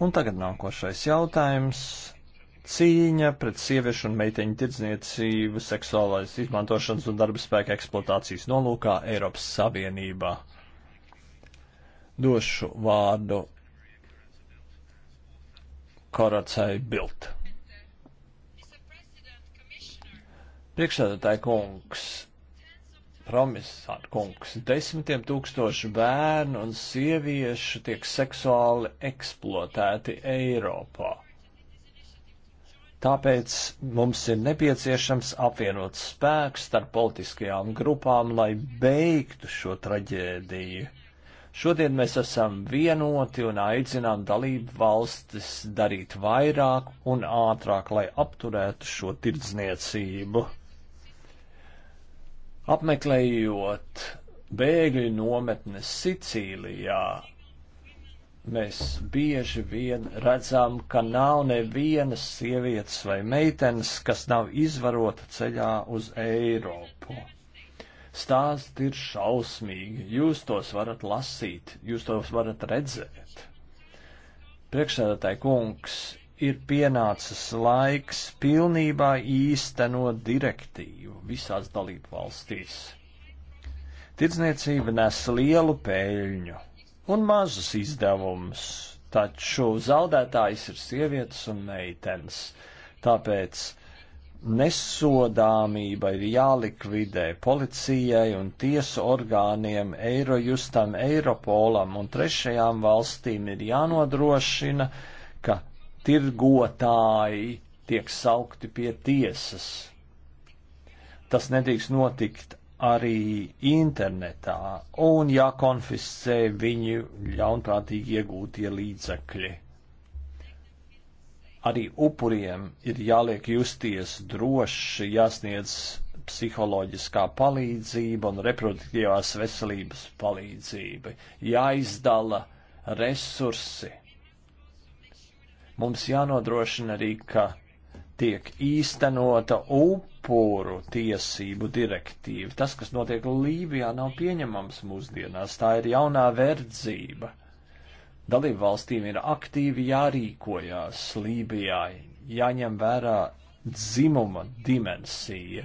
Un tagad nākošais jautājums cīņa pret sieviešu un meiteņu tirdzniecību, seksuālais izmantošanas un darba spēka eksploatācijas nolūkā Eiropas Savienībā. Došu vārdu Koracai Bilt. Priekšsēdētāji kungs, Komisār kungs, desmitiem tūkstoši bērnu un sieviešu tiek seksuāli eksploatēti Eiropā. Tāpēc mums ir nepieciešams apvienot spēks starp politiskajām grupām, lai beigtu šo traģēdiju. Šodien mēs esam vienoti un aicinām dalību valstis darīt vairāk un ātrāk, lai apturētu šo tirdzniecību. Apmeklējot bēgļu nometnes Sicīlijā, mēs bieži vien redzam, ka nav nevienas sievietes vai meitenes, kas nav izvarota ceļā uz Eiropu. Stāsti ir šausmīgi, jūs tos varat lasīt, jūs tos varat redzēt. Priekšsēdētāji kungs, ir pienācis laiks pilnībā īstenot direktīvu visās dalību valstīs. Tirdzniecība nes lielu peļņu un mazus izdevumus, taču zaudētājs ir sievietes un meitenes, tāpēc nesodāmība ir jālikvidē policijai un tiesu orgāniem, Eirojustam, Eiropolam un trešajām valstīm ir jānodrošina, tirgotāji tiek saukti pie tiesas. Tas nedrīkst notikt arī internetā un jākonfiscē viņu ļaunprātīgi iegūtie līdzekļi. Arī upuriem ir jāliek justies droši, jāsniedz psiholoģiskā palīdzība un reproduktīvās veselības palīdzība, jāizdala resursi Mums jānodrošina arī, ka tiek īstenota upuru tiesību direktīva. Tas, kas notiek Lībijā, nav pieņemams mūsdienās. Tā ir jaunā verdzība. Dalību valstīm ir aktīvi jārīkojās Lībijā, jāņem vērā dzimuma dimensija.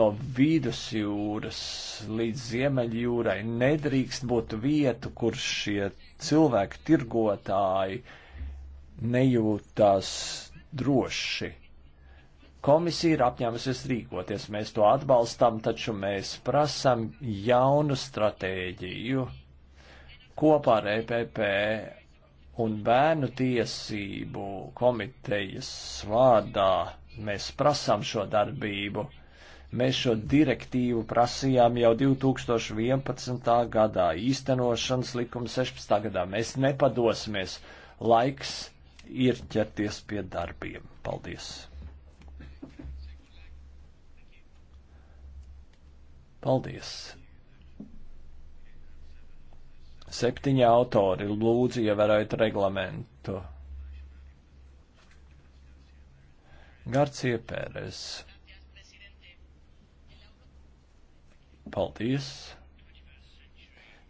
No vidusjūras līdz ziemeļjūrai nedrīkst būt vietu, kur šie cilvēki tirgotāji uh, nejūtās droši. Komisija ir apņēmusies rīkoties, mēs to atbalstam, taču mēs prasam jaunu stratēģiju kopā ar EPP un bērnu tiesību komitejas vārdā. Mēs prasam šo darbību. Mēs šo direktīvu prasījām jau 2011. gadā, īstenošanas likuma 16. gadā. Mēs nepadosimies. Laiks ir ķerties pie darbiem. Paldies! Paldies! Septiņi autori lūdzu ievērojot reglamentu. Garcija Pērēs. Paldies!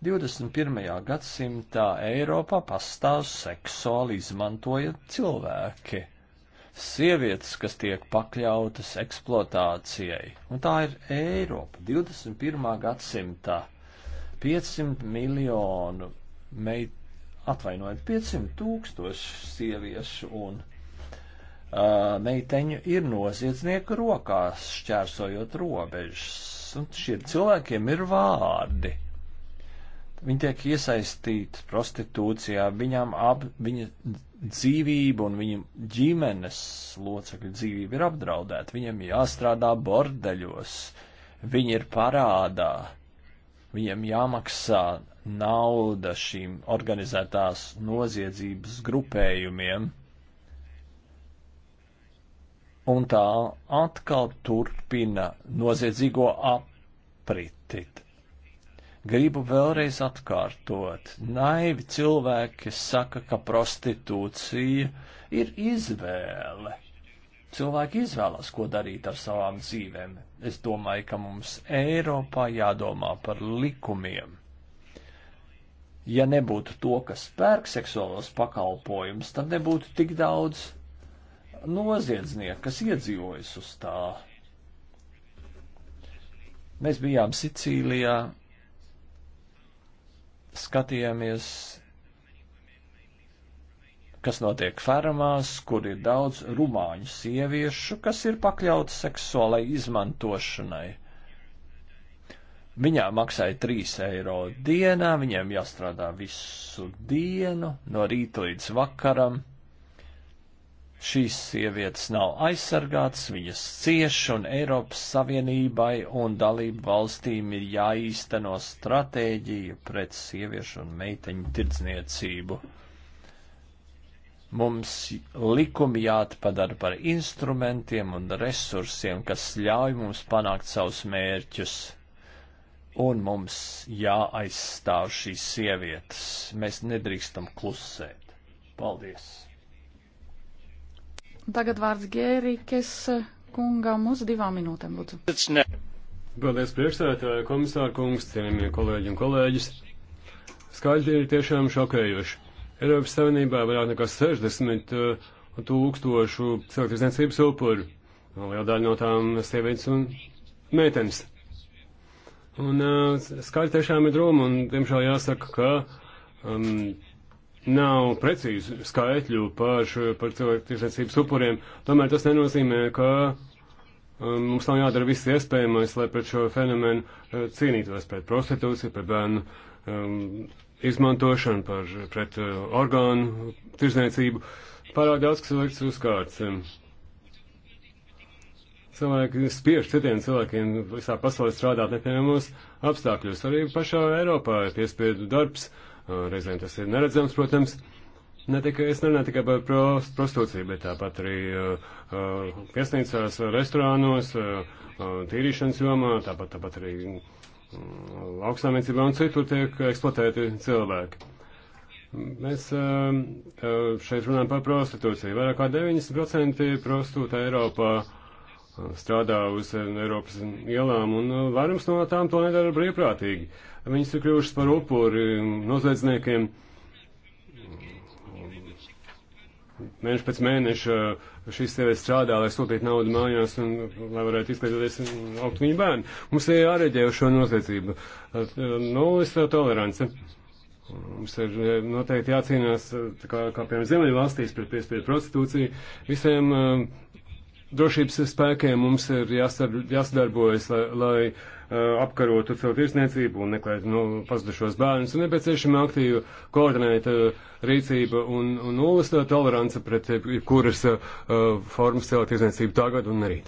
21. gadsimtā Eiropā pastāv seksuāli izmantoja cilvēki. Sievietes, kas tiek pakļautas eksploatācijai. Un tā ir Eiropa 21. gadsimtā. 500 miljonu meit, atvainojiet, 500 tūkstoši sieviešu un uh, meiteņu ir noziedznieku rokās, šķērsojot robežas. Un šiem cilvēkiem ir vārdi Viņi tiek iesaistīti prostitūcijā, viņām ap, viņa dzīvība un viņa ģimenes locekļu dzīvība ir apdraudēta, viņiem jāstrādā bordeļos, viņi ir parādā, viņiem jāmaksā nauda šīm organizētās noziedzības grupējumiem. Un tā atkal turpina noziedzīgo apriti. Gribu vēlreiz atkārtot. Naivi cilvēki saka, ka prostitūcija ir izvēle. Cilvēki izvēlas, ko darīt ar savām dzīvēm. Es domāju, ka mums Eiropā jādomā par likumiem. Ja nebūtu to, kas pērk seksuālos pakalpojumus, tad nebūtu tik daudz noziedznieku, kas iedzīvojas uz tā. Mēs bijām Sicīlijā, skatījāmies, kas notiek fermās, kur ir daudz rumāņu sieviešu, kas ir pakļautas seksuālai izmantošanai. Viņām maksāja 3 eiro dienā, viņiem jāstrādā visu dienu, no rīta līdz vakaram šīs sievietes nav aizsargātas, viņas cieš, un Eiropas Savienībai un dalību valstīm ir jāīsteno stratēģija pret sieviešu un meiteņu tirdzniecību. Mums likumi jāatpadara par instrumentiem un resursiem, kas ļauj mums panākt savus mērķus. Un mums jāaizstāv šīs sievietes. Mēs nedrīkstam klusēt. Paldies! Tagad vārds Gērikes kungam uz divām minūtēm, lūdzu. Paldies, priekšstādātāja, komisāra kungs, cienījamie kolēģi un kolēģis. Skaidri ir tiešām šokējoši. Eiropas Savienībā vairāk nekā 60 uh, tūkstošu cilvēktiesniecības upuru. Liela daļa no tām sievietes un meitenes. Un uh, skaļi tiešām ir droma, un, diemžēl, jāsaka, ka um, nav precīzu skaitļu par, šo, par cilvēku tirsniecības upuriem, tomēr tas nenozīmē, ka um, mums nav jādara viss iespējamais, lai pret šo fenomenu uh, cīnītos pret prostitūciju, pret bērnu um, izmantošanu, par, pret uh, orgānu tirzniecību. Pārāk daudz, kas liekts uz kārts. Um, cilvēki spiež citiem cilvēkiem visā pasaulē strādāt nepieņemos apstākļos. Arī pašā Eiropā ir piespiedu darbs. Uh, Reizēm tas ir neredzams, protams. Ne tikai, es nerunāju tikai par prostitūciju, bet tāpat arī uh, uh viesnīcās, restorānos, uh, uh, tīrīšanas jomā, tāpat, tāpat arī uh, mm, lauksāmniecībā un citur tiek eksploatēti cilvēki. Mēs uh, uh šeit runājam par prostitūciju. Vairāk kā 90% prostitūta Eiropā strādā uz Eiropas ielām, un varams no tām to nedara brīvprātīgi. Uh, viņas ir kļuvušas par upuri noziedzniekiem. Mēnešu pēc mēneša šīs sievietes strādā, lai sūtītu naudu mājās un lai varētu izglītoties augt viņu bērnu. Mums ir jāreģē uz šo noziedzību. Nulis tolerance. Mums ir eh, noteikti jācīnās, eh, kā, kā piemēram, Ziemeļu valstīs pret piespiedu prostitūciju. Visiem eh, drošības spēkiem mums ir jāsadarbojas, lai, lai Uh, apkarotu cilvēku tirsniecību un meklētu nu, pazudušos bērnus. Ir nepieciešama aktīva koordinēta rīcība un, un nulles tolerance pret jebkuras uh, formas cilvēku tirsniecību tagad un rīt.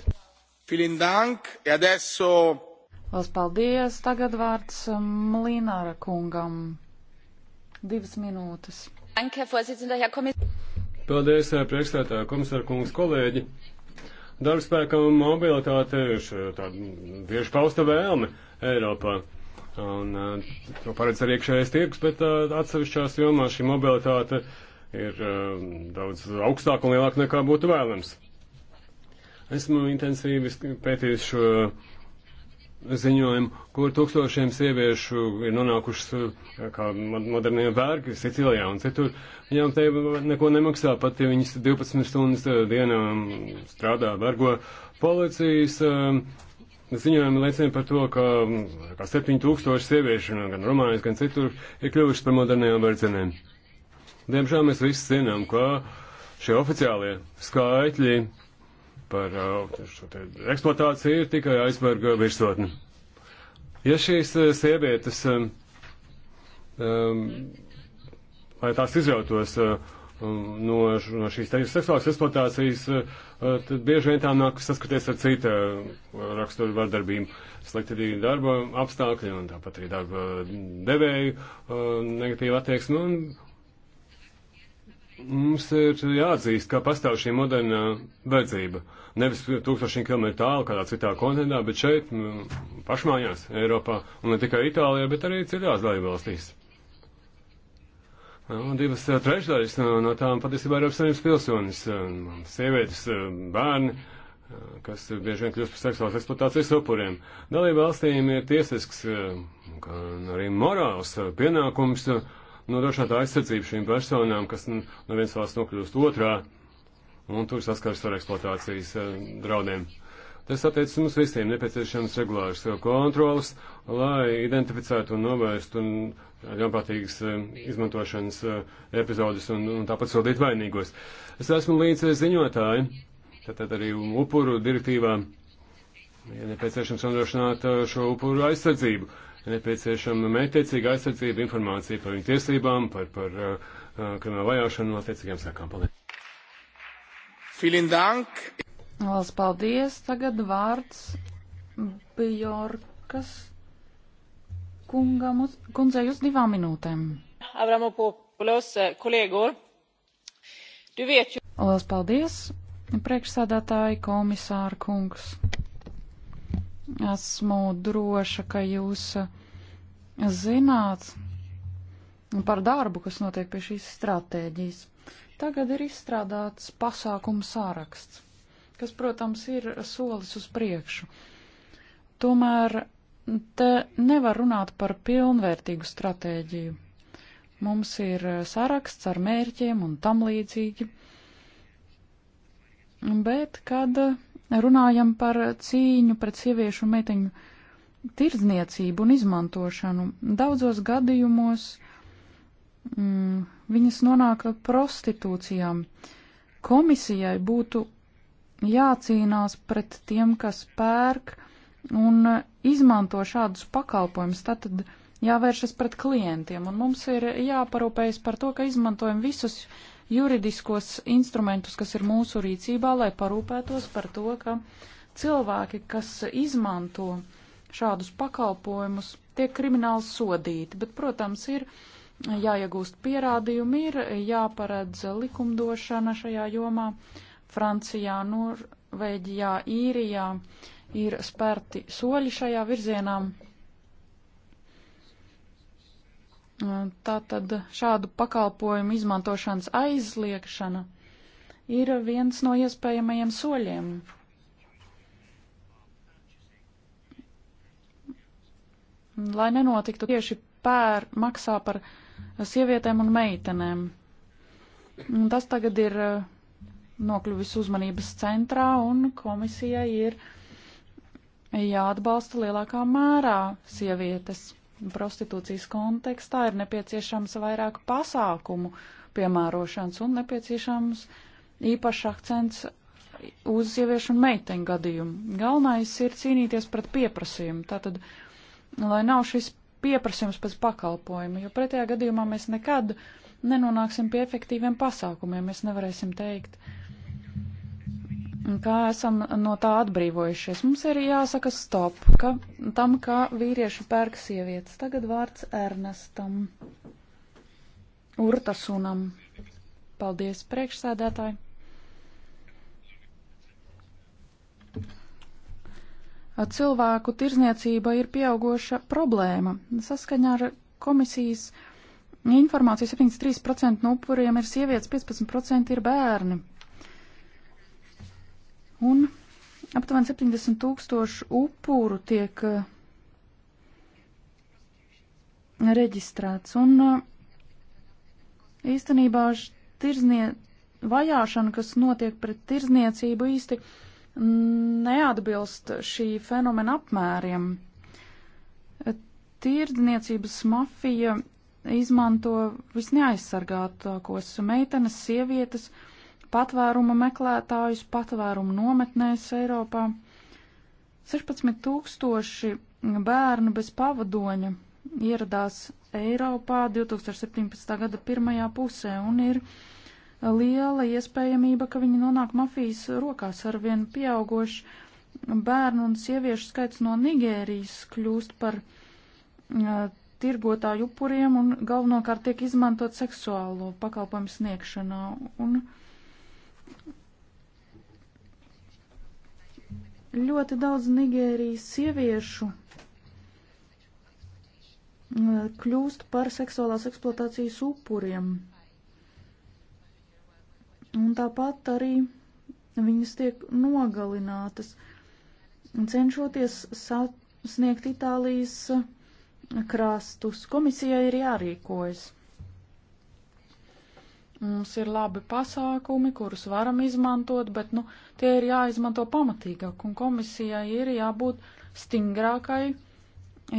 Lielas paldies! Tagad vārds um, Mlīnāra kungam. Divas minūtes. Paldies, priekšstādā komisāra kungs, kolēģi! Darbspēka mobilitāte ir tāda bieži pausta vēlme Eiropā. Un eh, to paredz arī iekšējais tirgus, bet eh, atsevišķās jomās šī mobilitāte ir eh, daudz augstāka un lielāka nekā būtu vēlams. Esmu intensīvi pētījis šo ziņojumu, kur tūkstošiem sieviešu ir nonākušas eh, kā modernie vērgi Sicilijā un citur. Viņām te neko nemaksā, pat ja viņas 12 stundas eh, dienā mm, strādā vergo policijas. Eh, ziņojumi liecina par to, ka, mm, ka 7000 sieviešu nu, gan Romānijas, gan citur ir kļuvušas par modernajām verdzenēm. Diemžēl mēs visi zinām, ka šie oficiālie skaitļi par uh, eksploatāciju ir tikai aizsverga virsotne. Ja šīs uh, sievietes, um, um, lai tās izrautos uh, um, no, no šīs teņas seksuālas eksploatācijas, uh, tad bieži vien tām nāk saskaties ar cita rakstura vardarbību. Slikti arī darba apstākļi un tāpat arī darba devēju uh, negatīva attieksme. Un, Mums ir jāatzīst, ka pastāv šī modernā vajadzība. Nevis tūkstošiem kilometru tālu kādā citā kontinentā, bet šeit, pašmājās, Eiropā, un ne tikai Itālijā, bet arī citās dalībvalstīs. Divas eh, trešdaļas no, no tām patiesībā ir apsaimnes pilsonis, eh, sievietes, eh, bērni, kas bieži vien kļūst par seksuālas eksploatācijas upuriem. Dalībvalstīm ir tiesisks, gan arī morāls pienākums nodrošināt aizsardzību šīm personām, kas no vienas valsts nokļūst otrā un tur saskars ar eksploatācijas eh, draudiem. Tas attiecas mums visiem nepieciešams regulārs eh, kontrols, lai identificētu un novērstu ļaunprātīgas eh, izmantošanas epizodes un, un tāpat sodīt vainīgos. Es esmu līdz ziņotāji, tātad arī upuru direktīvā ir nepieciešams nodrošināt šo upuru aizsardzību nepieciešama mērķtiecīga aizsardzība, informācija par viņu tiesībām, par, par uh, uh kriminālu vajāšanu un attiecīgiem sekām. Paldies! Lielas paldies! Tagad vārds Bjorkas kungam, kundzei uz divām minūtēm. Avramopulos, eh, kolēgor, tu vietju. Lielas paldies, priekšsādātāji, komisāra kungs. Esmu droša, ka jūs eh, zināt par darbu, kas notiek pie šīs stratēģijas. Tagad ir izstrādāts pasākumu sāraksts, kas, protams, ir solis uz priekšu. Tomēr te nevar runāt par pilnvērtīgu stratēģiju. Mums ir eh, saraksts ar mērķiem un tam līdzīgi. Bet, kad runājam par cīņu pret sieviešu un meiteņu tirdzniecību un izmantošanu. Daudzos gadījumos mm, viņas nonāk prostitūcijām. Komisijai būtu jācīnās pret tiem, kas pērk un izmanto šādus pakalpojumus. Tātad jāvēršas pret klientiem, un mums ir jāparūpējas par to, ka izmantojam visus uh, juridiskos instrumentus, kas ir mūsu rīcībā, lai parūpētos par to, ka cilvēki, kas izmanto šādus pakalpojumus, tiek krimināli sodīti. Bet, protams, ir jāiegūst pierādījumi, ir jāparedz likumdošana šajā jomā. Francijā, Norvēģijā, Īrijā ir spērti soļi šajā virzienā. Tātad šādu pakalpojumu izmantošanas aizliekšana ir viens no iespējamajiem soļiem. Lai nenotiktu tieši pēr maksā par sievietēm un meitenēm. Tas tagad ir eh, nokļuvis uzmanības centrā un komisijai ir jāatbalsta lielākā mērā sievietes prostitūcijas kontekstā ir nepieciešams vairāk pasākumu piemērošanas un nepieciešams īpašs akcents uz sieviešu un meiteņu gadījumu. Galvenais ir cīnīties pret pieprasījumu, tātad, lai nav šis pieprasījums pēc pakalpojumu, jo pretējā gadījumā mēs nekad nenonāksim pie efektīviem pasākumiem, mēs nevarēsim teikt, uh, kā esam no tā atbrīvojušies. Mums ir jāsaka stop ka, tam, kā vīrieši pērk sievietes. Tagad vārds Ernestam Urtasunam. Paldies, priekšsēdētāji! Cilvēku tirzniecība ir pieaugoša problēma. Saskaņā ar komisijas informāciju 73% no upuriem ir sievietes, 15% ir bērni. Un aptuveni 70 tūkstoši upuru tiek eh, reģistrēts. Un eh, īstenībā tirznie, vajāšana, kas notiek pret tirzniecību, īsti neatbilst šī fenomena apmēriem. Eh, tirdzniecības mafija izmanto visneaizsargātākos meitenes, sievietes, uh, patvēruma meklētājus patvērumu nometnēs Eiropā. 16 tūkstoši bērnu bez pavadoņa ieradās Eiropā 2017. gada pirmajā pusē un ir liela iespējamība, ka viņi nonāk mafijas rokās ar vien pieaugošu bērnu un sieviešu skaits no Nigērijas kļūst par uh, tirgotāju upuriem un galvenokārt tiek izmantot seksuālo pakalpojumu sniegšanā. Un, uh, Ļoti daudz Nigērijas sieviešu uh, kļūst par seksuālās eksploatācijas upuriem. Un tāpat arī viņas tiek nogalinātas, cenšoties sasniegt Itālijas uh, krastus. Komisijai ir jārīkojas. Mums ir labi pasākumi, kurus varam izmantot, bet nu, tie ir jāizmanto pamatīgāk, un komisijai ir jābūt stingrākai,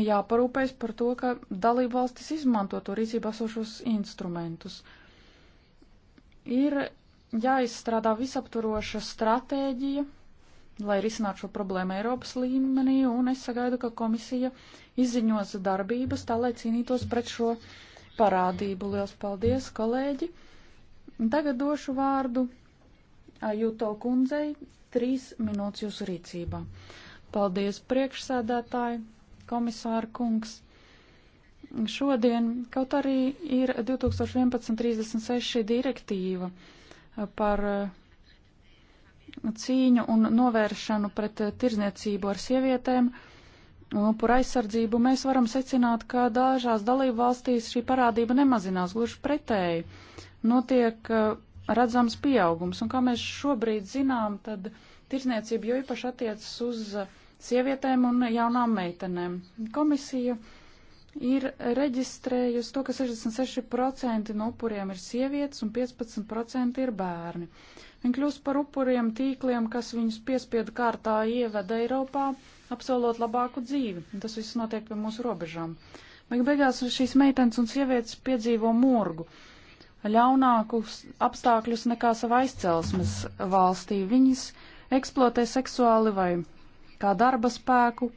jāparūpēs par to, ka dalību valstis izmanto to rīcībā esošos instrumentus. Ir jāizstrādā visaptvaroša stratēģija, lai risinātu šo problēmu Eiropas līmenī, un es sagaidu, ka komisija izziņos darbības tā, lai cīnītos pret šo parādību. Lielas paldies, kolēģi! Un tagad došu vārdu Ajuto kundzei. Trīs minūtes jūsu rīcībā. Paldies priekšsēdētāji, komisāra kungs. Šodien, kaut arī ir 2011.36 direktīva par uh, cīņu un novēršanu pret uh, tirzniecību ar sievietēm, upura aizsardzību, mēs varam secināt, ka dažās dalību valstīs šī parādība nemazinās, gluži pretēji notiek eh, redzams pieaugums. Un kā mēs šobrīd zinām, tad tirsniecība jo īpaši attiecas uz eh, sievietēm un jaunām meitenēm. Komisija ir reģistrējusi to, ka 66% no upuriem ir sievietes un 15% ir bērni. Viņi kļūst par upuriem tīkliem, kas viņus piespiedu kārtā ieveda Eiropā, apsolot labāku dzīvi. Un tas viss notiek pie mūsu robežām. Beig beigās šīs meitenes un sievietes piedzīvo morgu. Uh, ļaunākus apstākļus nekā savā izcelsmes valstī. Viņas eksploatē seksuāli vai kā darba spēku,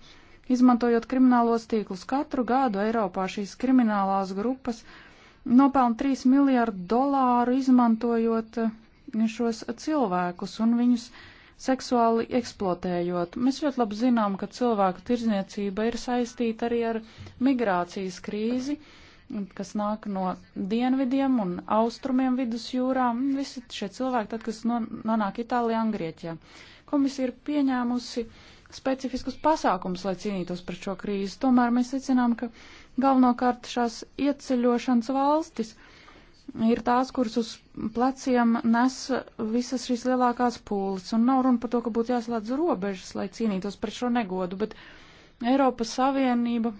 izmantojot kriminālos tīklus. Katru gadu Eiropā šīs kriminālās grupas nopelna 3 miljārdu dolāru izmantojot eh, šos cilvēkus un viņus seksuāli eksploatējot. Mēs ļoti labi zinām, ka cilvēku tirdzniecība ir saistīta arī ar migrācijas krīzi. Mm kas nāk no dienvidiem un austrumiem vidusjūrā. Visi šie cilvēki, tad, kas nonāk Itālijā un Grieķijā. Komisija ir pieņēmusi specifiskus pasākumus, lai cīnītos pret šo krīzi. Tomēr mēs secinām, ka galvenokārt šās ieceļošanas valstis ir tās, kuras uz pleciem nes visas šīs lielākās pūles. Un nav runa par to, ka būtu jāslēdz robežas, lai cīnītos pret šo negodu, bet Eiropas Savienība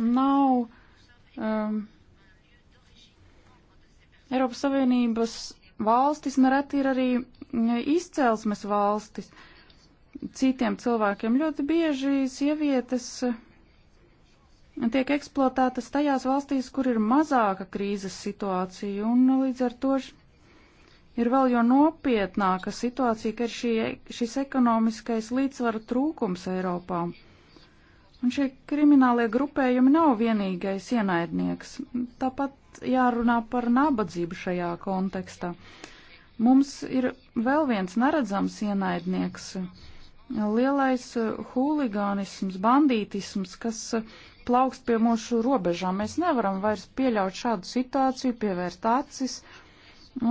nav um, Eiropas Savienības valstis, nereti ir arī mm, izcelsmes valstis citiem cilvēkiem. Ļoti bieži sievietes mm, tiek eksploatētas tajās valstīs, kur ir mazāka krīzes situācija, un līdz ar to ir vēl jo nopietnāka situācija, ka ir šī, e, šis ekonomiskais līdzsvara trūkums Eiropā. Un šie kriminālie grupējumi nav vienīgais ienaidnieks. Tāpat jārunā par nabadzību šajā kontekstā. Mums ir vēl viens neredzams ienaidnieks - lielais huligānisms, bandītisms, kas plaukst pie mūsu robežām. Mēs nevaram vairs pieļaut šādu situāciju, pievērst acis. Uh,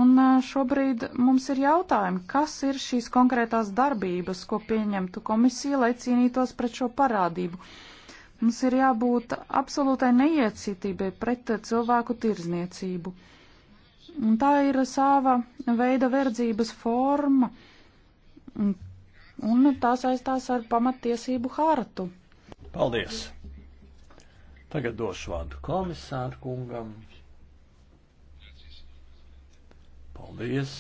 Un šobrīd mums ir jautājumi, kas ir šīs konkrētās darbības, ko pieņemtu komisija, lai cīnītos pret šo parādību. Mums ir jābūt absolūtai neiecītībai pret cilvēku tirzniecību. Un tā ir sava veida verdzības forma, un, un tā saistās ar pamatiesību hartu. Paldies! Tagad došu vārdu komisāru kungam. Paldies!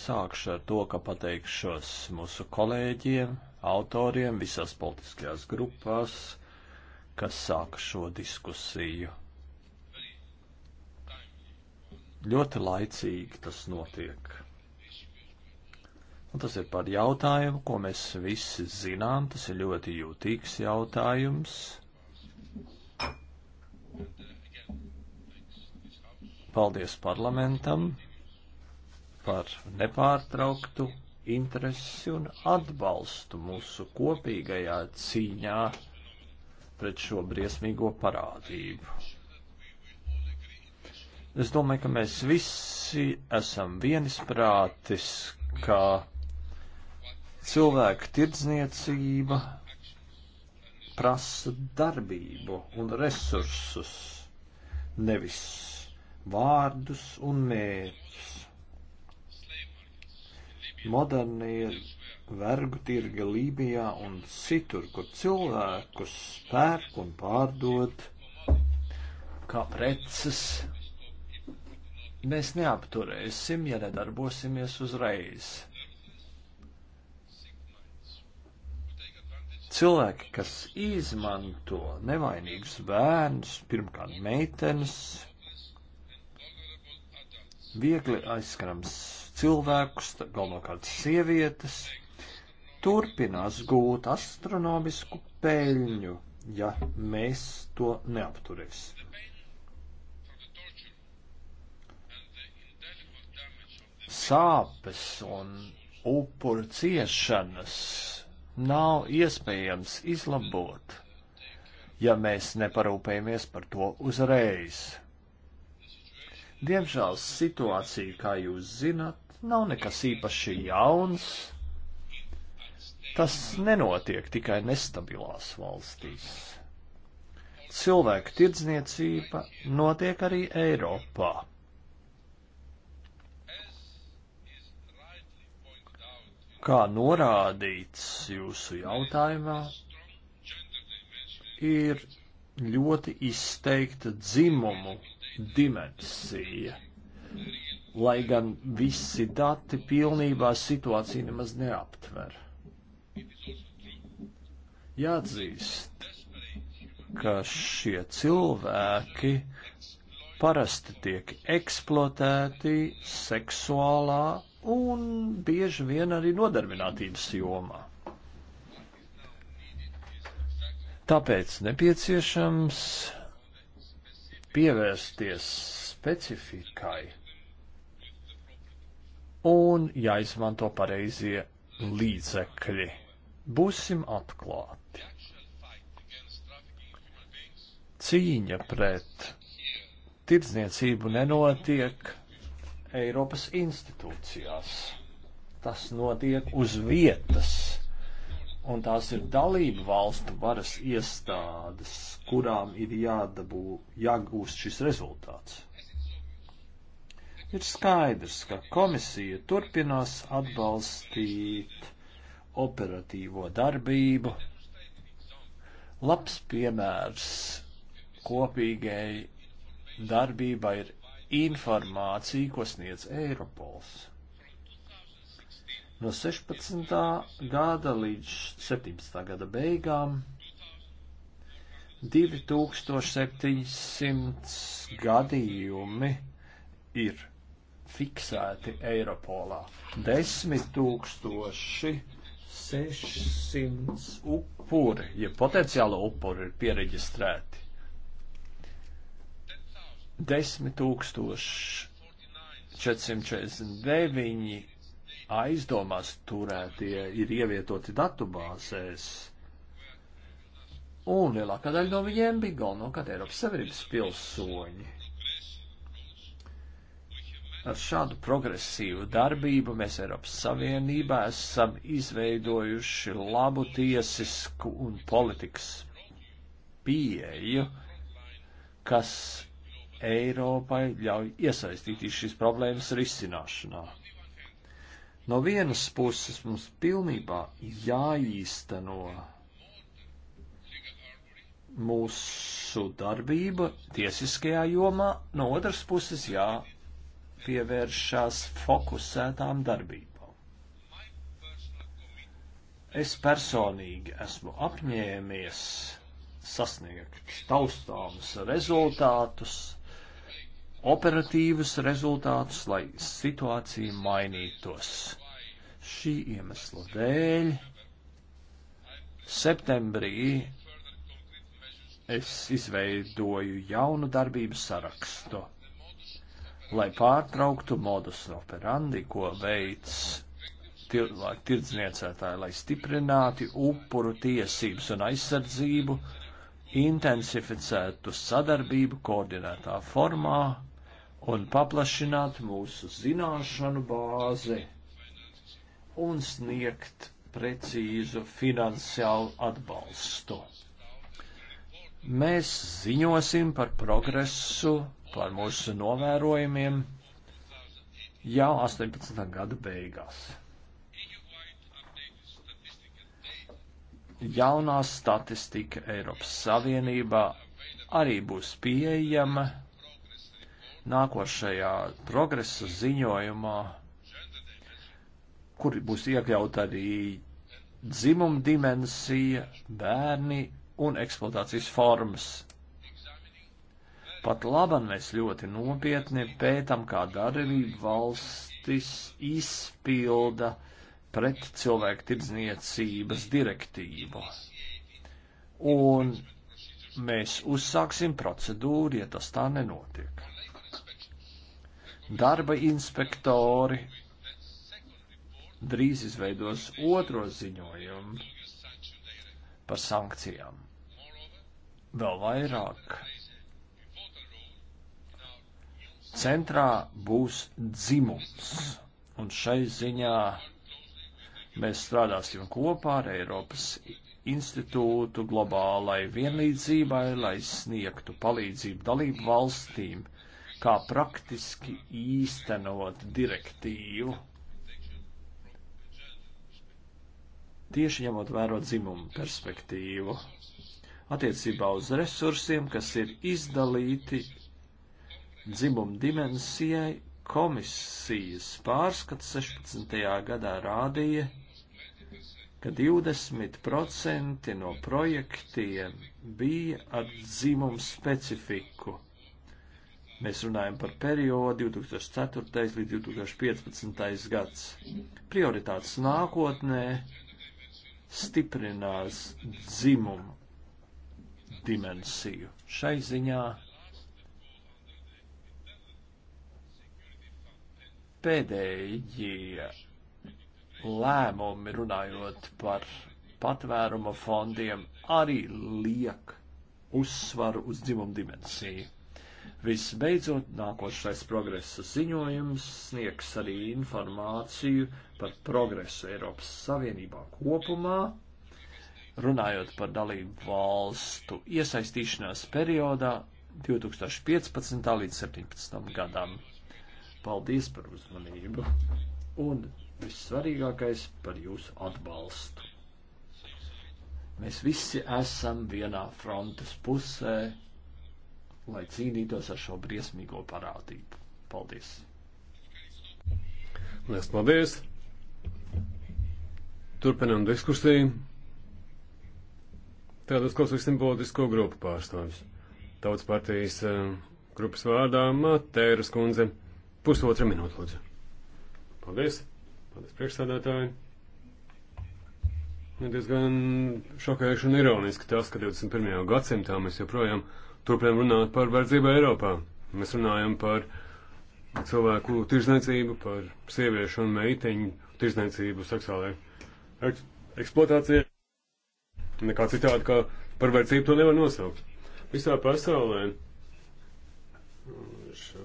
Sākšu ar to, ka pateikšos mūsu kolēģiem, autoriem visās politiskajās grupās, kas sāka šo diskusiju. Ļoti laicīgi tas notiek. Un tas ir par jautājumu, ko mēs visi zinām, tas ir ļoti jūtīgs jautājums. Thank you. Paldies parlamentam par nepārtrauktu interesi un atbalstu mūsu kopīgajā cīņā pret šo briesmīgo parādību. Es domāju, ka mēs visi esam vienisprātis, ka cilvēka tirdzniecība prasa darbību un resursus, nevis vārdus un mērķus. Modernie vergu tirgi Lībijā un citur, kur cilvēkus pērk un pārdod kā preces, mēs neapturēsim, ja nedarbosimies uzreiz. Cilvēki, kas izmanto nevainīgus bērnus, pirmkārt meitenes, viegli aizskarams cilvēkus, galvenokārt sievietes, turpinās gūt astronomisku peļņu, ja mēs to neapturēsim. Sāpes un upuru ciešanas nav iespējams izlabot, ja mēs neparūpējamies par to uzreiz. Diemžēl situācija, kā jūs zināt, nav nekas īpaši jauns. Tas nenotiek tikai nestabilās valstīs. Cilvēku tirdzniecība notiek arī Eiropā. Kā norādīts jūsu jautājumā, ir ļoti izteikta dzimumu dimensija. Lai gan visi dati pilnībā situāciju nemaz neaptver. Jāatzīst, ka šie cilvēki parasti tiek eksploatēti seksuālā un bieži vien arī nodarbinātības jomā. Tāpēc nepieciešams pievērsties specifikai un jāizmanto pareizie līdzekļi. Būsim atklāti. Cīņa pret tirdzniecību nenotiek Eiropas institūcijās. Tas notiek uz vietas un tās ir dalību valstu varas iestādes, kurām ir jādabū, jāgūst šis rezultāts. Ir skaidrs, ka komisija turpinās atbalstīt operatīvo darbību. Labs piemērs kopīgai darbībai ir informācija, ko sniedz Eiropols. No 16. gada līdz 17. gada beigām 2700 gadījumi ir fiksēti Eiropolā. 10600 upuri, ja potenciāli upuri ir pieregistrēti. 10449 aizdomās turētie ir ievietoti datubāzēs. Un lielākā daļa no viņiem bija galvenokārt Eiropas Savienības pilsoņi. Ar šādu progresīvu darbību mēs Eiropas Savienībā esam izveidojuši labu tiesisku un politikas pieeju, kas Eiropai ļauj iesaistīties šīs problēmas risināšanā. No vienas puses mums pilnībā jāīsteno mūsu darbība tiesiskajā jomā, no otras puses jāpievēršās fokusētām darbībām. Es personīgi esmu apņēmies sasniegt taustāmus rezultātus operatīvus rezultātus, lai situācija mainītos. Šī iemesla dēļ septembrī es izveidoju jaunu darbību sarakstu, lai pārtrauktu modus operandi, ko veids tirdzniecētāji, lai stiprinātu upuru tiesības un aizsardzību, intensificētu sadarbību koordinētā formā un paplašināt mūsu zināšanu bāzi un sniegt precīzu finansiālu atbalstu. Mēs ziņosim par progresu, par mūsu novērojumiem jau 18. gada beigās. Jaunā statistika Eiropas Savienībā arī būs pieejama nākošajā progresa ziņojumā, kur būs iekļauta arī dzimuma dimensija, bērni un eksploatācijas formas. Pat labam mēs ļoti nopietni pētam, kā darbība valstis izpilda pret cilvēku tirdzniecības direktīvu. Un mēs uzsāksim procedūru, ja tas tā nenotiek darba inspektori drīz izveidos otro ziņojumu par sankcijām. Vēl vairāk centrā būs dzimums, un šai ziņā mēs strādāsim kopā ar Eiropas institūtu globālai vienlīdzībai, lai sniegtu palīdzību dalību valstīm kā praktiski īstenot direktīvu. Tieši ņemot vērā dzimumu perspektīvu, attiecībā uz resursiem, kas ir izdalīti dzimumu dimensijai, komisijas pārskats 16. gadā rādīja, ka 20% no projektiem bija ar dzimumu specifiku Mēs runājam par periodu 2004. līdz 2015. gads. Prioritātes nākotnē stiprinās dzimumu dimensiju. Šai ziņā pēdējie lēmumi runājot par patvēruma fondiem arī liek uzsvaru uz dzimumu dimensiju. Visbeidzot, nākošais progresa ziņojums sniegs arī informāciju par progresu Eiropas Savienībā kopumā, runājot par dalību valstu iesaistīšanās periodā 2015. līdz 2017. gadam. Paldies par uzmanību un vissvarīgākais par jūsu atbalstu. Mēs visi esam vienā frontes pusē lai cīnītos ar šo briesmīgo parādību. Paldies! Lielas paldies! Turpinām diskusiju. Tad uzklausīsim politisko grupu pārstāvis. Tautas partijas eh, grupas vārdā Matēras kundze. Pusotra minūte, lūdzu. Paldies! Paldies, priekšsādātāji! Ir diezgan šokējuši un ironiski tas, ka 21. gadsimtā mēs joprojām. Uh, turpinām runāt par verdzību Eiropā. Mēs runājam par cilvēku tirzniecību, par sieviešu un meiteņu tirzniecību seksuālajai eks eksploatācijai. Nekā citādi, kā par verdzību to nevar nosaukt. Visā pasaulē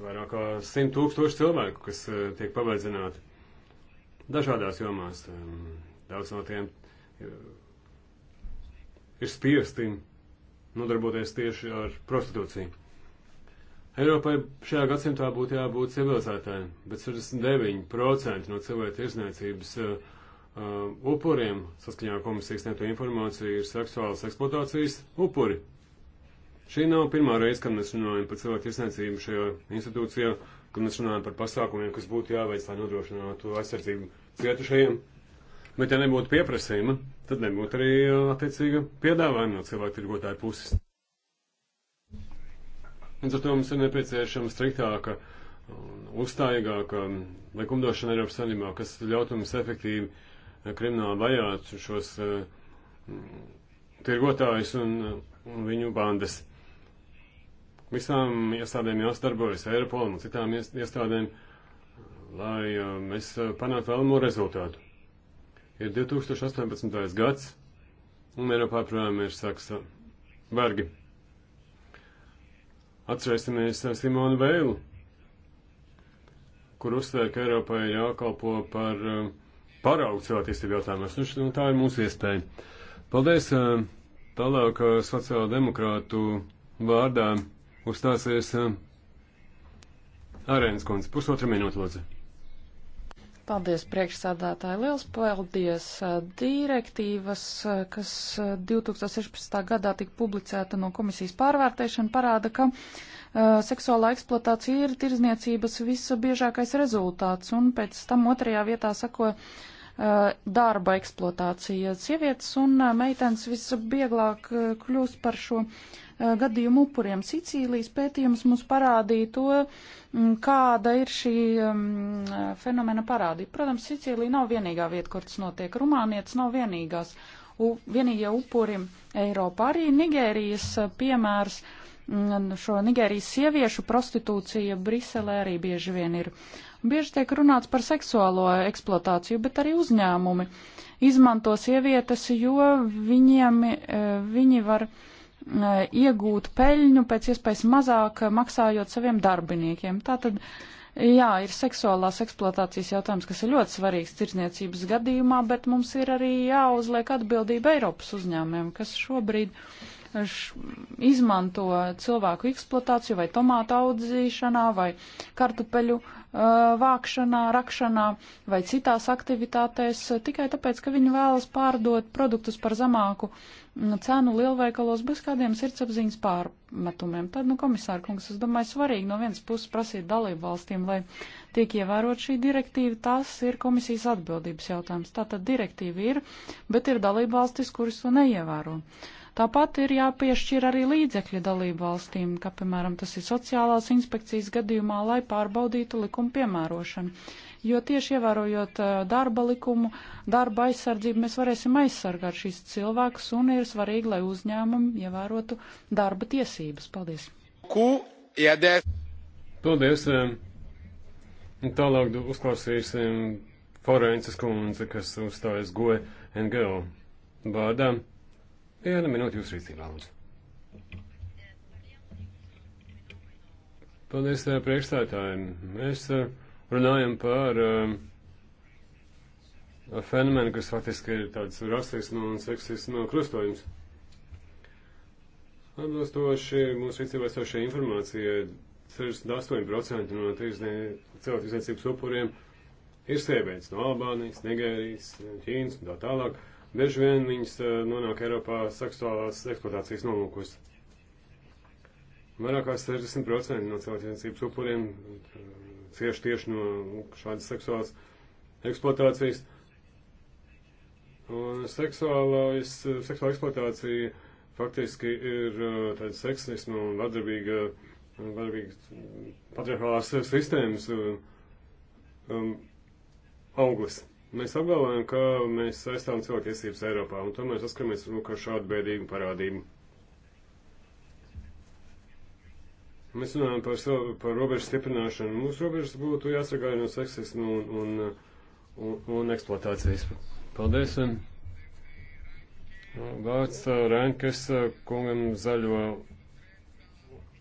vairāk kā simt tūkstoši cilvēku, kas eh, tiek pavadzināti dažādās jomās. Ehm, daudz no tiem eh, ir spiesti nodarboties tieši ar prostitūciju. Eiropai šajā gadsimtā būtu jābūt civilizētājiem, bet 69% no cilvēku tirzniecības uh, upuriem, saskaņā komisijas neto informāciju, ir seksuālas eksploatācijas upuri. Šī nav pirmā reize, kad mēs runājam par cilvēku tirzniecību šajā institūcijā, kad mēs runājam par pasākumiem, kas būtu jāveic, lai nodrošinātu aizsardzību cietušajiem, bet ja nebūtu pieprasījuma, tad nebūtu arī attiecīga piedāvājuma no cilvēku tirgotāju puses. Līdz ar to mums ir nepieciešama striktāka un uzstājīgāka likumdošana Eiropas Savienībā, kas ļautu mums efektīvi krimināli vajāt šos tirgotājus un, un viņu bandas. Visām iestādēm jāstarbojas, Eiropolam un citām iestādēm, lai mēs panāktu vēlamo rezultātu. Ir 2018. gads, un Eiropā projām ir saksa vergi. Atcerēsimies Simonu Veilu, kur uzsver, ka Eiropai ir jākalpo par eh, paraugu cilvēktiesību jautājumos. Nu, nu, tā ir mūsu iespēja. Paldies! Eh, tālāk eh, sociāla demokrātu vārdā uzstāsies Arēnas kundze. Pusotra minūte, lūdzu. Paldies, priekšsādātāji. Liels paldies. Direktīvas, kas 2016. gadā tika publicēta no komisijas pārvērtēšana, parāda, ka uh, seksuālā eksploatācija ir tirzniecības visbiežākais rezultāts, un pēc tam otrajā vietā sako uh, darba eksploatācija. Sievietes un meitenes visbieglāk kļūst par šo uh, Eh, gadījumu upuriem. Sicīlijas pētījums mums parādīja to, mm, kāda ir šī mm, eh, fenomena parādība. Protams, Sicīlija nav vienīgā vieta, kur tas notiek. Rumānietis nav vienīgās, u, vienīgie upuri Eiropā. Arī Nigērijas eh, piemērs mm, šo Nigērijas sieviešu prostitūcija Briselē arī bieži vien ir. Bieži tiek runāts par seksuālo eksploatāciju, bet arī uzņēmumi izmanto sievietes, jo viņiem, viņi var uh, Eh, iegūt peļņu pēc iespējas mazāk eh, maksājot saviem darbiniekiem. Tātad, jā, ir seksuālās eksploatācijas jautājums, kas ir ļoti svarīgs tirdzniecības gadījumā, bet mums ir arī jāuzliek atbildība Eiropas uzņēmumiem, kas šobrīd uh, izmanto cilvēku eksploatāciju vai tomātu audzīšanā vai kartupeļu uh, vākšanā, rakšanā vai citās aktivitātēs tikai tāpēc, ka viņi vēlas pārdot produktus par zamāku cenu lielveikalos bez kādiem sirdsapziņas pārmetumiem. Tad, nu, komisāra kungs, es domāju, svarīgi no vienas puses prasīt dalību valstīm, lai tiek ievērot šī direktīva, tas ir komisijas atbildības jautājums. Tātad direktīva ir, bet ir dalību valstis, kuras to neievēro. Uh, Tāpat ir jāpiešķir arī līdzekļi dalību valstīm, kā piemēram tas ir sociālās inspekcijas gadījumā, lai pārbaudītu likumu piemērošanu. Jo tieši ievērojot darba likumu, darba aizsardzību, mēs varēsim aizsargāt šīs cilvēkus un ir svarīgi, lai uzņēmumi ievērotu darba tiesības. Paldies! Paldies! Un tālāk uzklausīsim Forences kundze, kas uzstājas goja e NGO vārdā. Viena minūte jūsu rīcībā, lūdzu. Paldies eh, priekšstādājiem. Mēs eh, runājam par eh, fenomenu, kas faktiski ir tāds rasismu un seksismu krustojums. Atbilstoši mūsu rīcībā esošajai informācijai, 68% no cilvēku izniecības upuriem ir sievietes no Albānijas, Nigērijas, Ķīnas un tā tālāk bieži vien viņas eh, nonāk Eiropā seksuālās eksploatācijas nolūkos. Vairāk kā 60% no cilvēcības upuriem eh, cieši tieši no šādas seksuālas eksploatācijas. Un seksuālais, eh, seksuāla eksploatācija faktiski ir tāda seksisma un vardarbīga, vardarbīga patriarchālās sistēmas um, auglis. Mēs apgalvojam, ka mēs aizstāvam cilvēktiesības Eiropā, un tomēr saskaramies nu, ar šādu bēdīgu parādību. Mēs runājam par, savu, par robežu stiprināšanu. Mūsu robežas būtu jāsargā no seksismu un, un, un, un eksploatācijas. Paldies! Uh, vārds uh, Rēnkas uh, kungam zaļo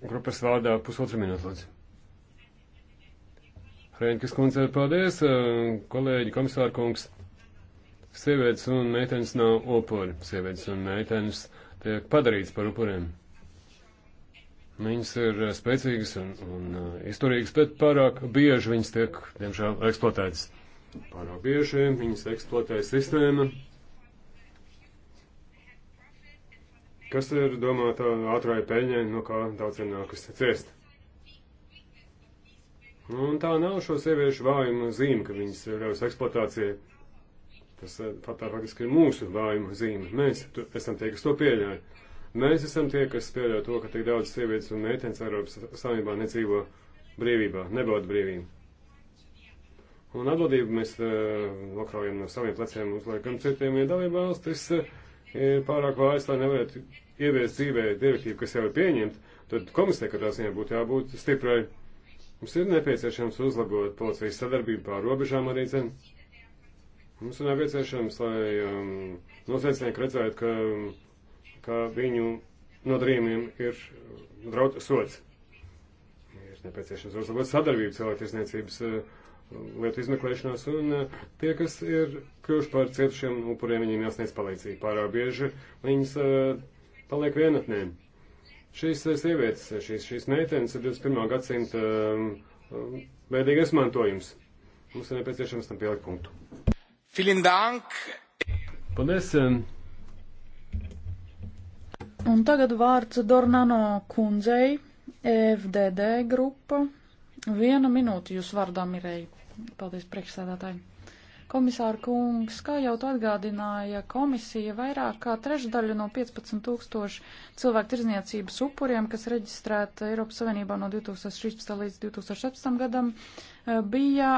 grupas vārdā pusotra minūte, lūdzu. Reņķis kundze, paldies, kolēģi, komisāra kungs. Sievietes un meitenes nav upuri. Sievietes un meitenes tiek padarīts par upuriem. Viņas ir spēcīgas un, un izturīgas, bet pārāk bieži viņas tiek, diemžēl, eksploatētas. Pārāk bieži viņas eksploatē sistēma, kas ir domāta ātrai peļņai, no kā daudziem nākas ciest. Nu, un tā nav šo sieviešu vājuma zīme, ka viņas ļaus eksploatācijai. Tas eh, pat tā faktiski ir mūsu vājuma zīme. Mēs tu, esam tie, kas to pieļauj. Mēs esam tie, kas pieļauj to, ka tik daudz sievietes un meitenes Eiropas Savienībā nedzīvo brīvībā, nebauda brīvību. Un atbildību mēs uh, eh, nokraujam no saviem pleciem, uzliekam citiem, ja dalība valstis uh, ir pārāk vājas, lai nevarētu ieviest dzīvē direktīvu, kas jau ir pieņemta, tad komisija, ka tās viņai būtu jābūt stiprai. Uh, Mums ir nepieciešams uzlabot policijas sadarbību pār robežām arī zem. Mums ir nepieciešams, lai um, noziedznieki redzētu, ka, um, ka viņu nodarījumiem ir um, draud sots. Ir nepieciešams uzlabot sadarbību cilvēktiesniecības uh, lietu izmeklēšanās, un uh, tie, kas ir kļuvuši par cietušiem upuriem, viņiem jāsniedz palīdzību. Pārāk bieži viņas uh, paliek vienatnēm. Šīs eh, sievietes, šīs, šīs meitenes ir 21. gadsimta veidīgi eh, um, izmantojums. Mums ir nepieciešams tam pielikt punktu. Filin dank! Paldies! Eh. Un tagad vārds Dornano kundzei, FDD grupa. Viena minūte jūs vārdā mirēja. Paldies, priekšsēdētāji! Komisāra kungs, kā jau to atgādināja komisija, vairāk kā trešdaļa no 15 tūkstoši cilvēku tirzniecības upuriem, kas reģistrēta Eiropas Savienībā no 2016. līdz 2017. gadam, eh, bija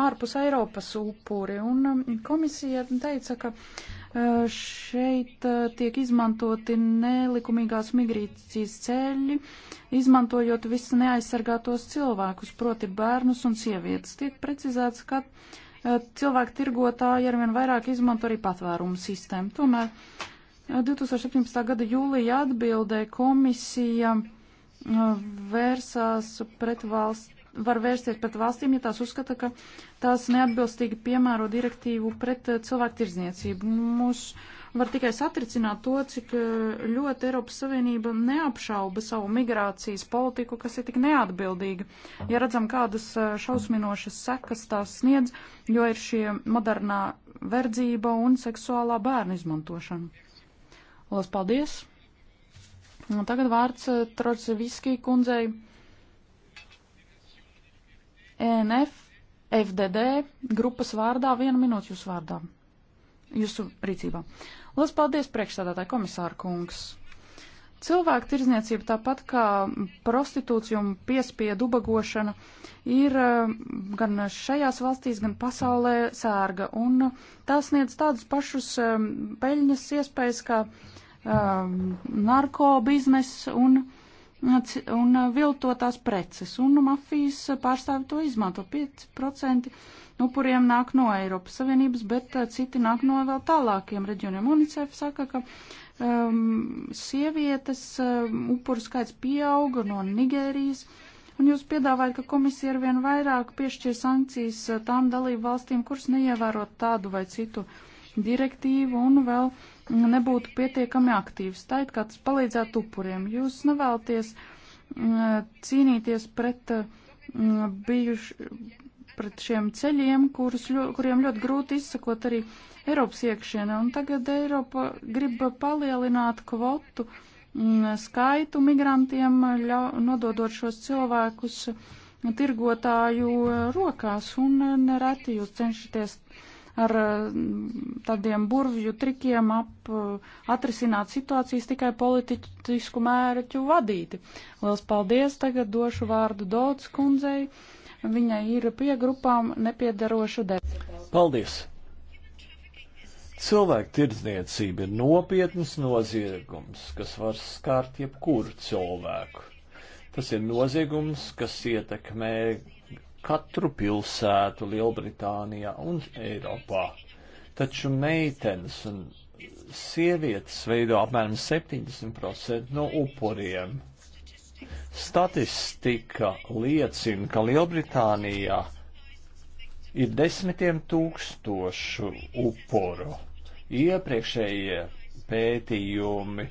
ārpus Eiropas upuri. Un um, komisija teica, ka eh, šeit eh, tiek izmantoti nelikumīgās migrācijas ceļi, izmantojot visu neaizsargātos cilvēkus, proti bērnus un sievietes. Tiek precizēts, ka cilvēku tirgotāji arvien vairāk izmanto arī patvērumu sistēmu. Tomēr 2017. gada jūlijā atbildē komisija vērsās pret valsts, var vērsties pret valstīm, ja tās uzskata, ka tās neatbilstīgi piemēro direktīvu pret cilvēku tirdzniecību. Mūsu var tikai satricināt to, cik eh, ļoti Eiropas Savienība neapšauba savu migrācijas politiku, kas ir tik neatbildīga. Ja redzam, kādas eh, šausminošas sekas tās sniedz, jo ir šie modernā verdzība un seksuālā bērnu izmantošana. Lielas paldies! Un tagad vārds eh, Troceviskī kundzei. ENF, FDD grupas vārdā, viena minūte jūsu vārdā jūsu rīcībā. Lielas paldies, priekšsādātāji komisāra kungs! Cilvēku tirzniecība, tāpat kā prostitūcija un piespiedu ubagošana, ir eh, gan šajās valstīs, gan pasaulē sērga, un eh, tās sniedz tādus pašus eh, peļņas iespējas kā um, narko biznes un, un viltotās preces, un mafijas pārstāvi to izmanto 5% upuriem nu, nāk no Eiropas Savienības, bet eh, citi nāk no vēl tālākiem reģioniem. UNICEF saka, ka um, sievietes um, upuru skaits pieauga no Nigērijas. Un jūs piedāvājat, ka komisija arvien vairāk piešķir sankcijas eh, tām dalību valstīm, kuras neievērot tādu vai citu direktīvu un vēl nebūtu pietiekami aktīvas. Tā it kā tas palīdzētu upuriem. Jūs nevēlaties mm, cīnīties pret eh, bijuši pret šiem ceļiem, kurus, ļo, kuriem ļoti grūti izsakot arī Eiropas iekšienē. Un tagad Eiropa grib palielināt kvotu mm, skaitu migrantiem, ļa, nododot šos cilvēkus tirgotāju eh, rokās, un eh, nereti jūs cenšaties ar eh, tādiem burvju trikiem ap, atrisināt situācijas tikai politisku mērķu vadīti. Lielas paldies, tagad došu vārdu Dots kundzei Viņai ir pie grupām nepiedarošu deputātu. Paldies! Cilvēku tirdzniecība ir nopietnas noziegums, kas var skārt jebkuru cilvēku. Tas ir noziegums, kas ietekmē katru pilsētu Lielbritānijā un Eiropā. Taču meitenes un sievietes veido apmēram 70% no upuriem. Statistika liecina, ka Lielbritānijā ir desmitiem tūkstošu upuru. Iepriekšējie pētījumi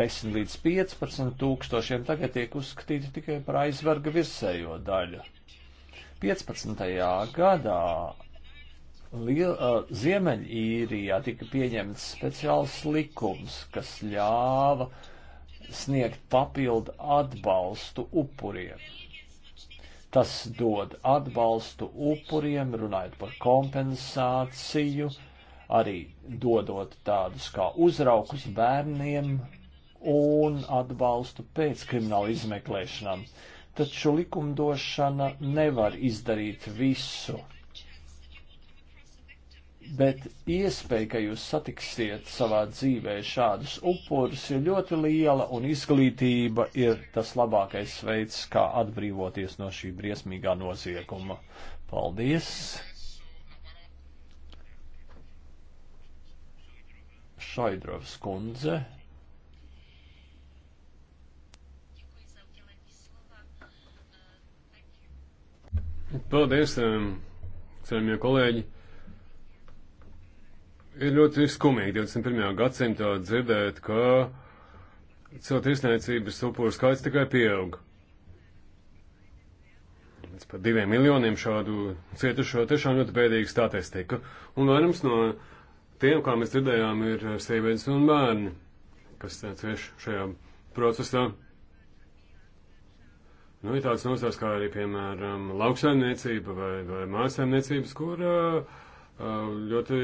10 līdz 15 tūkstošiem tagad tiek uzskatīti tikai par aizvarga virsējo daļu. 15. gadā Liel, uh, Ziemeļīrijā tika pieņemts speciāls likums, kas ļāva uh, sniegt papildu atbalstu upuriem. Tas dod atbalstu upuriem, runājot par kompensāciju, arī dodot tādus kā uzraukus bērniem un atbalstu pēc krimināla izmeklēšanām. Taču likumdošana nevar izdarīt visu bet iespēja, ka jūs satiksiet savā dzīvē šādus upurus, ir ļoti liela, un izglītība ir tas labākais veids, kā atbrīvoties no šī briesmīgā nozieguma. Paldies! Šaidrovs kundze. Paldies, um, ceļamie kolēģi! Ir ļoti skumīgi 21. gadsimtā dzirdēt, ka cilvēku izniecības upuru skaits tikai pieaug. Pēc pat diviem miljoniem šādu cietušo tiešām ļoti bēdīga statistika. Un vairums no tiem, kā mēs dzirdējām, ir sievietes un bērni, kas cieš šajā procesā. Nu, ir tāds nozars kā arī, piemēram, lauksaimniecība vai, vai mājasaimniecības, kur uh, ļoti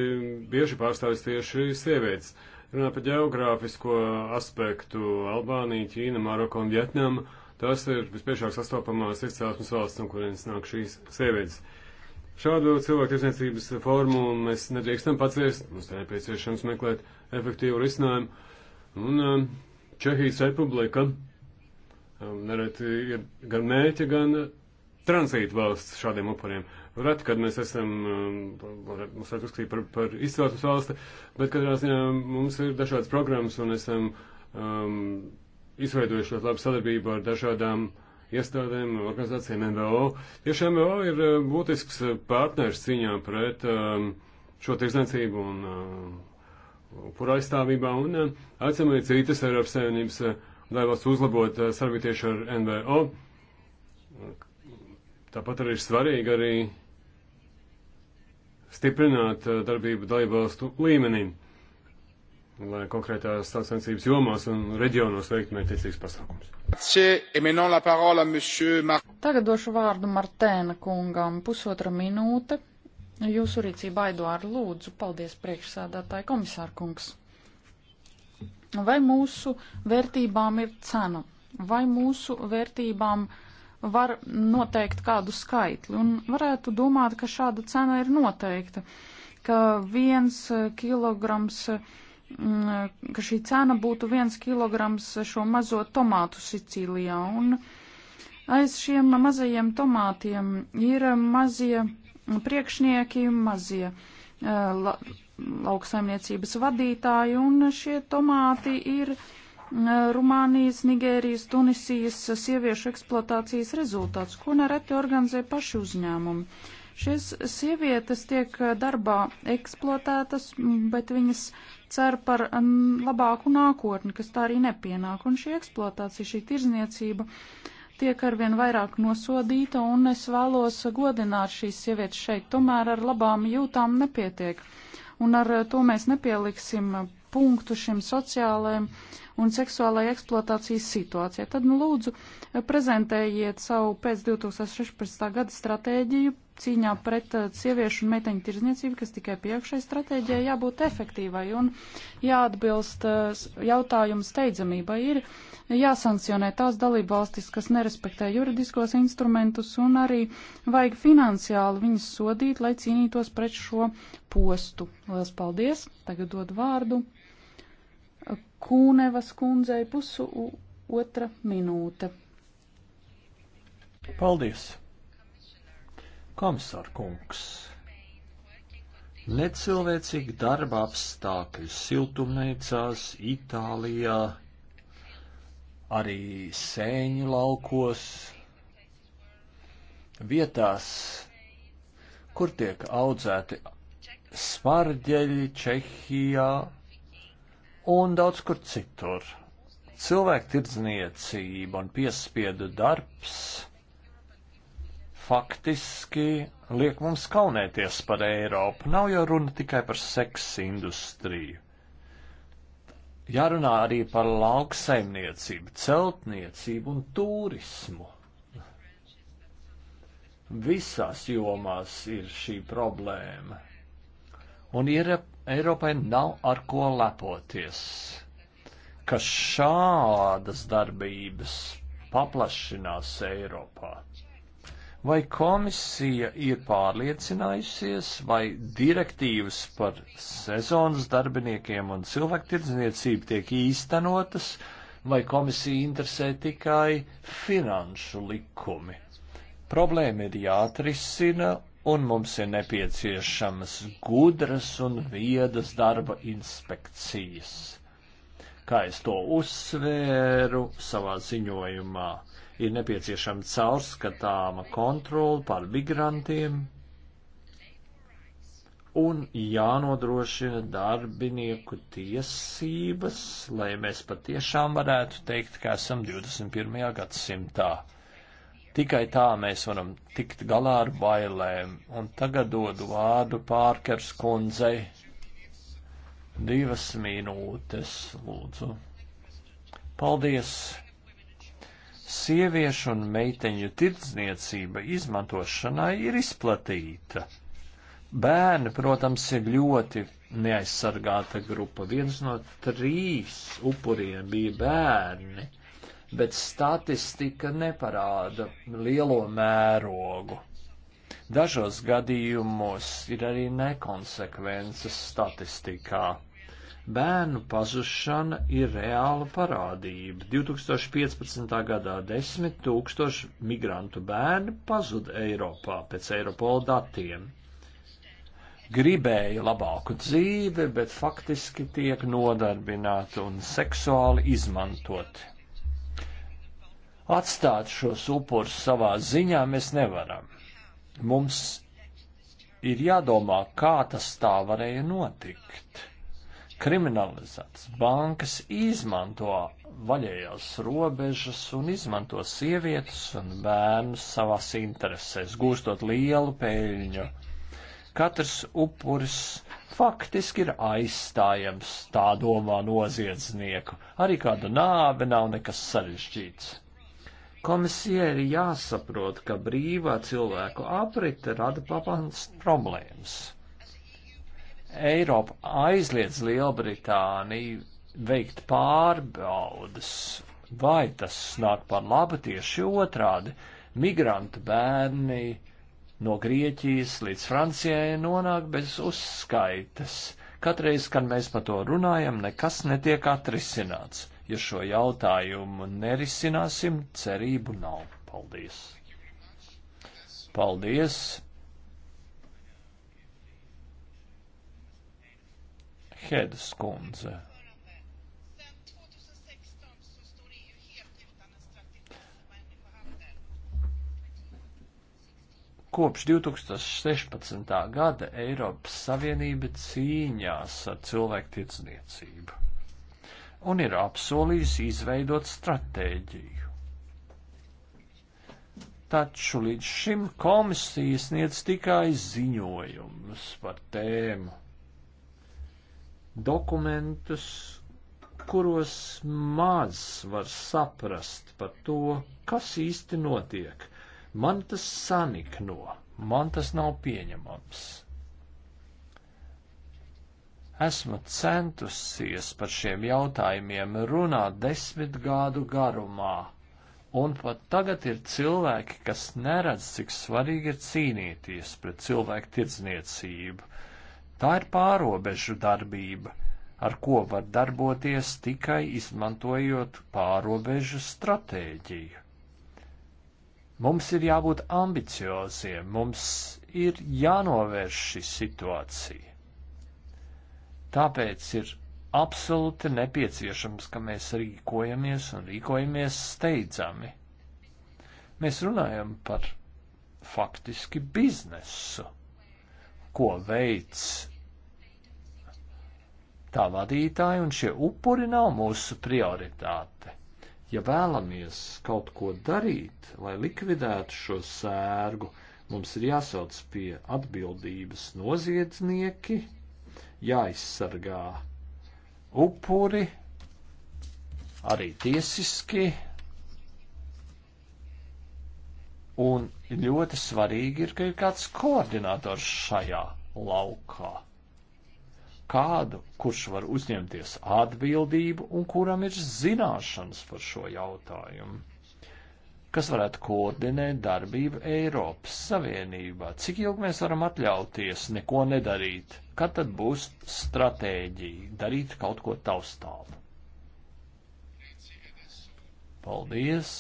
bieži pārstāvis tieši sievietes. Runā par geogrāfisko aspektu - Albānija, Ķīna, Maroka un Vietnama. Tās ir vispiešāk sastopamās izcelsmes valsts, no kurienes nāk šīs sievietes. Šādu cilvēku tiesniecības formu mēs nedrīkstam paciest, mums ir nepieciešams meklēt efektīvu risinājumu. Un Čehijas republika nereti ir gan mēķi, gan tranzītu valsts šādiem upuriem. Reti, kad mēs esam, um, mums varētu uzskatīt par, par izcelsmes valsti, bet katrā ziņā mums ir dažādas programmas un esam um, izveidojuši ļoti labu sadarbību ar dažādām iestādēm, organizācijām NVO. Tieši ja NVO ir uh, būtisks partners cīņā pret um, šo tirdzniecību un um, upura aizstāvībā un um, uh, aicinām arī citas Eiropas Savienības, lai valsts uzlabot sadarbību tieši ar NVO Tāpat arī ir svarīgi arī stiprināt uh, darbību dalībvalstu līmenī, lai konkrētās sacensības jomās un reģionos veiktu mērķiecīgs pasākums. E Tagad došu vārdu Martēna kungam pusotra minūte. Jūsu rīcība Aidoāra lūdzu, paldies priekšsādātāji komisārkungs. Vai mūsu vērtībām ir cena? Vai mūsu vērtībām ir var noteikt kādu skaitli. Un varētu domāt, ka šāda cena ir noteikta, ka viens eh, kilograms, mm, ka šī cena būtu viens kilograms šo mazo tomātu Sicīlijā. Un aiz šiem mazajiem tomātiem ir mazie priekšnieki, mazie eh, la, lauksaimniecības vadītāji, un šie tomāti ir Rumānijas, Nigērijas, Tunisijas sieviešu eksploatācijas rezultāts, ko nereti organizē paši uzņēmumi. Šīs sievietes tiek darbā eksploatētas, bet viņas cer par labāku nākotni, kas tā arī nepienāk. Un šī eksploatācija, šī tirzniecība tiek arvien vairāk nosodīta, un es vēlos godināt šīs sievietes šeit. Tomēr ar labām jūtām nepietiek. Un ar to mēs nepieliksim punktu šim sociālajiem un seksuālai eksploatācijas situācijai. Tad, nu, lūdzu, prezentējiet savu pēc 2016. gada stratēģiju cīņā pret uh, sieviešu un meiteņu tirzniecību, kas tikai pieaugšai stratēģijai jābūt efektīvai un jāatbilst uh, jautājumu steidzamībai. Ir jāsankcionē tās dalībvalstis, kas nerespektē juridiskos instrumentus un arī vajag finansiāli viņas sodīt, lai cīnītos pret šo postu. Lielas paldies! Tagad dod vārdu Kūnevas kundzei pusu otra minūte. Paldies! Komisār kungs! Necilvēcīgi darba apstākļi siltumneicās Itālijā, arī sēņu laukos, vietās, kur tiek audzēti smarģeļi Čehijā, un daudz kur citur. Cilvēku tirdzniecība un piespiedu darbs faktiski liek mums kaunēties par Eiropu. Nav jau runa tikai par seksa industriju. Jārunā arī par lauksaimniecību, celtniecību un turismu. Visās jomās ir šī problēma. Un ir Eiropai nav ar ko lepoties, ka šādas darbības paplašinās Eiropā. Vai komisija ir pārliecinājusies, vai direktīvas par sezonas darbiniekiem un cilvēktirdzniecību tiek īstenotas, vai komisija interesē tikai finanšu likumi? Problēma ir jāatrisina, un mums ir nepieciešamas gudras un viedas darba inspekcijas. Kā es to uzsvēru savā ziņojumā, ir nepieciešama caurskatāma kontrola pār migrantiem un jānodrošina darbinieku tiesības, lai mēs patiešām varētu teikt, ka esam 21. gadsimtā Tikai tā mēs varam tikt galā ar bailēm. Un tagad dodu vārdu Pārkers kundzei. Divas minūtes, lūdzu. Paldies! Sieviešu un meiteņu tirdzniecība izmantošanai ir izplatīta. Bērni, protams, ir ļoti neaizsargāta grupa. Viens no trīs upuriem bija bērni bet statistika neparāda lielo mērogu. Dažos gadījumos ir arī nekonsekvences statistikā. Bērnu pazušana ir reāla parādība. 2015. gadā 10 tūkstoši migrantu bērni pazuda Eiropā pēc Eiropola datiem. Gribēja labāku dzīvi, bet faktiski tiek nodarbināti un seksuāli izmantoti. Atstāt šos upurus savā ziņā mēs nevaram. Mums ir jādomā, kā tas tā varēja notikt. Kriminalizēts bankas izmanto vaļējās robežas un izmanto sievietes un bērnus savās interesēs, gūstot lielu peļņu. Katrs upuris faktiski ir aizstājams, tā domā noziedznieku. Arī kāda nāve nav nekas sarežģīts. Komisijai ir jāsaprot, ka brīvā cilvēku aprite rada papildus problēmas. Eiropa aizliedz Lielbritāniju veikt pārbaudas, vai tas nāk par labu tieši otrādi. Migrantu bērni no Grieķijas līdz Francijai nonāk bez uzskaitas. Katreiz, kad mēs par to runājam, nekas netiek atrisināts. Ja šo jautājumu nerisināsim, cerību nav. Paldies! Paldies! Hedas kundze. Kopš 2016. gada Eiropas Savienība cīņās ar cilvēku tirdzniecību un ir apsolījusi izveidot stratēģiju. Taču līdz šim komisija sniedz tikai ziņojumus par tēmu, dokumentus, kuros maz var saprast par to, kas īsti notiek. Man tas sanikno, man tas nav pieņemams. Esmu centusies par šiem jautājumiem runāt desmit gadu garumā, un pat tagad ir cilvēki, kas neredz, cik svarīgi ir cīnīties pret cilvēku tirdzniecību. Tā ir pārobežu darbība, ar ko var darboties tikai izmantojot pārobežu stratēģiju. Mums ir jābūt ambicioziem, mums ir jānovērš šī situācija. Tāpēc ir absolūti nepieciešams, ka mēs rīkojamies un rīkojamies steidzami. Mēs runājam par faktiski biznesu, ko veids tā vadītāji, un šie upuri nav mūsu prioritāte. Ja vēlamies kaut ko darīt, lai likvidētu šo sērgu, mums ir jāsauc pie atbildības noziedznieki, jāizsargā upuri, arī tiesiski, un ļoti svarīgi ir, ka ir kāds koordinators šajā laukā. Kādu, kurš var uzņemties atbildību un kuram ir zināšanas par šo jautājumu kas varētu koordinēt darbību Eiropas Savienībā. Cik ilgi mēs varam atļauties neko nedarīt? Kad tad būs stratēģija darīt kaut ko taustām? Paldies!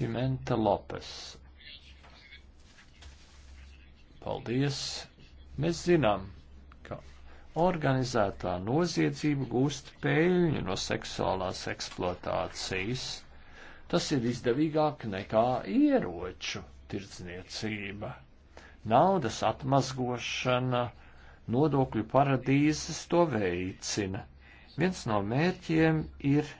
Pimenta Lopes. Paldies! Mēs zinām, Organizētā noziedzība gūst peļņu no seksuālās eksploatācijas. Tas ir izdevīgāk nekā ieroču tirdzniecība. Naudas atmazgošana, nodokļu paradīzes to veicina. Viens no mērķiem ir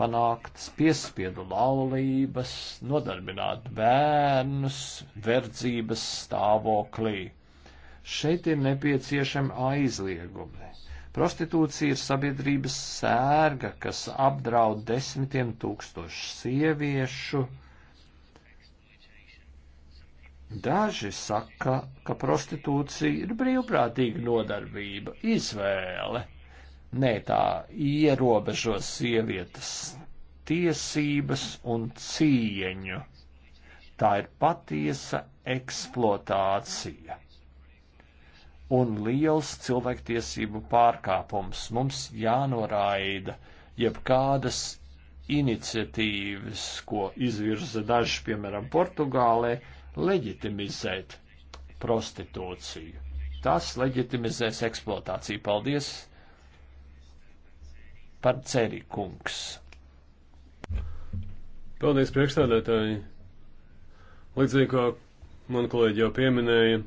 panāktas piespiedu laulības, nodarbināt bērnus verdzības stāvoklī. Šeit ir nepieciešama aizliegumi. Prostitūcija ir sabiedrības sērga, kas apdraud desmitiem tūkstošu sieviešu. Daži saka, ka prostitūcija ir brīvprātīga nodarbība, izvēle. Nē, tā ierobežo sievietes tiesības un cieņu. Tā ir patiesa eksploatācija un liels cilvēktiesību pārkāpums. Mums jānoraida jebkādas iniciatīvas, ko izvirza daži, piemēram, Portugālē, leģitimizēt prostitūciju. Tas leģitimizēs eksploatāciju. Paldies par ceri, kungs! Paldies, priekšstādētāji! Līdzīgi kā man kolēģi jau pieminēja,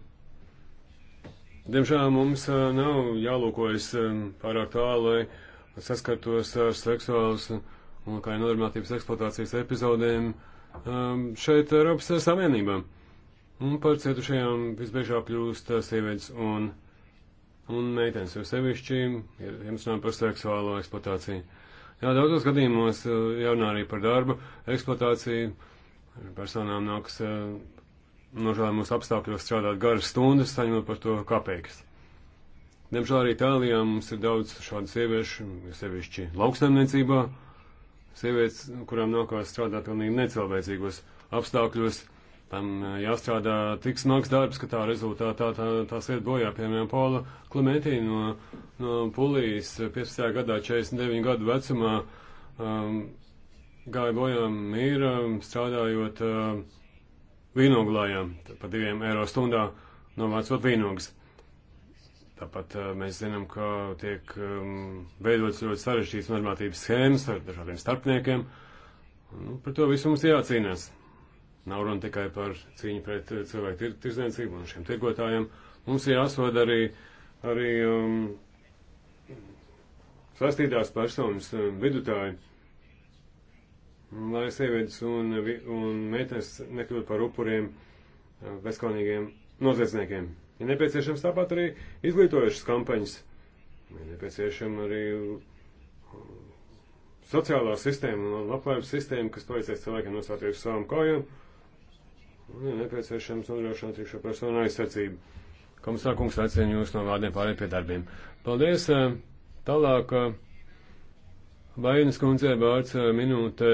Diemžēl mums nav jālūkojas pārāk tālu, lai saskartos ar seksuālas un kā normatīvas eksploatācijas epizodēm šeit Eiropas Savienībā. Un par cietušajām visbiežāk kļūst sievietes un, un meitenes, jo sevišķi ir runājot par seksuālo eksploatāciju. Jā, daudzos gadījumos jārunā arī par darbu eksploatāciju, personām nāks nožēl mūsu apstākļos strādāt garas stundas, saņemot par to kapeikas. Diemžēl arī Itālijā mums ir daudz šādu sieviešu, sevišķi lauksaimniecībā, sievietes, kurām nākās strādāt pilnīgi necilvēcīgos apstākļos, tam eh, jāstrādā tik smags darbs, ka tā rezultātā tā, tās iet bojā, piemēram, Paula Klementī no, no Polijas 15. gadā 49 gadu vecumā um, gāja bojā mīra, strādājot uh, vīnoglājām, par diviem eiro stundā novācot vīnogas. Tāpat eh, mēs zinām, ka tiek um, veidotas ļoti sarežģītas normatīvas schēmas ar dažādiem starpniekiem. Nu, par to visu mums jācīnās. Nav runa tikai par cīņu pret eh, cilvēku tir tirdzniecību un šiem tirgotājiem. Mums ir jāsod arī, arī um, sastītās personas um, vidutāji lai sievietes un, un meitenes nekļūtu par upuriem eh, bezkaunīgiem noziedzniekiem. Ir nepieciešams tāpat arī izglītojušas kampaņas, ir nepieciešama arī eh, sociālā sistēma un labklājības sistēma, kas palīdzēs cilvēkiem nostāties uz savām kājām, un ir nepieciešams nodrošināt arī šo personu aizsardzību. Komisār kungs aicinu jūs no vārdiem pārējiem pie darbiem. Paldies! Eh, tālāk, Vainas kundze vārds minūte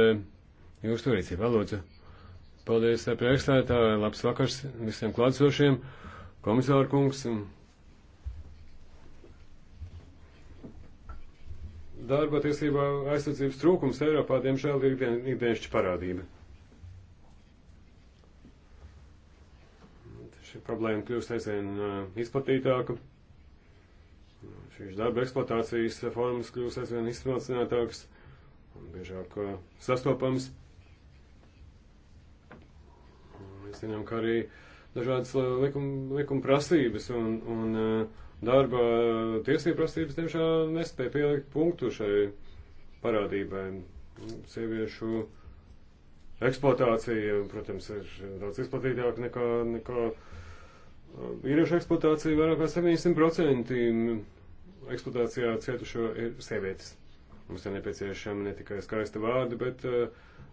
Jūs tur rīcībā lūdzu. Paldies eh, priekšstādātāji, labs vakars visiem klātsošiem, komisāra kungs. Darba tiesībā aizsardzības trūkums Eiropā, diemžēl, ir ikdien, ikdienišķa parādība. Šī problēma kļūst aizvien eh, izplatītāka. Šīs darba eksploatācijas formas kļūst aizvien izsmalcinātākas un biežāk sastopams. mēs zinām, ka arī dažādas eh, likuma, likuma prasības un, un eh, darba eh, tiesību prasības, diemžēl, nespēja pielikt punktu šai parādībai. Sieviešu eksploatācija, protams, ir daudz izplatītāka nekā, nekā vīriešu eksploatācija, vairāk kā 70% eksploatācijā cietušo ir sievietes. Mums ir nepieciešami ne tikai skaisti vārdi, bet uh,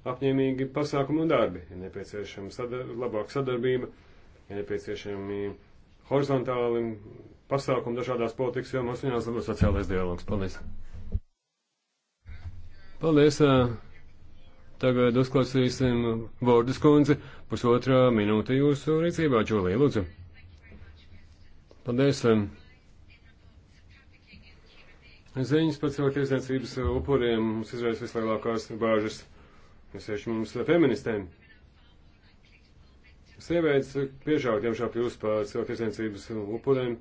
apņēmīgi pasākumi un darbi. Ir nepieciešama sadar labāka sadarbība, ir nepieciešami horizontāli pasākumi dažādās politikas jomās un jāuzlabo sociālais dialogs. Paldies! Paldies! Tagad uzklausīsim Vordas kundzi. Pusotrā minūte jūsu rīcībā, Čulija, lūdzu. Paldies! Ziņas par cilvēku tiesniecības upuriem mums izraisa vislielākās bāžas. Un sevišķi mums feministēm. Sievietes biežāk, diemžēl, kļūst par cilvēktiesniecības upuriem.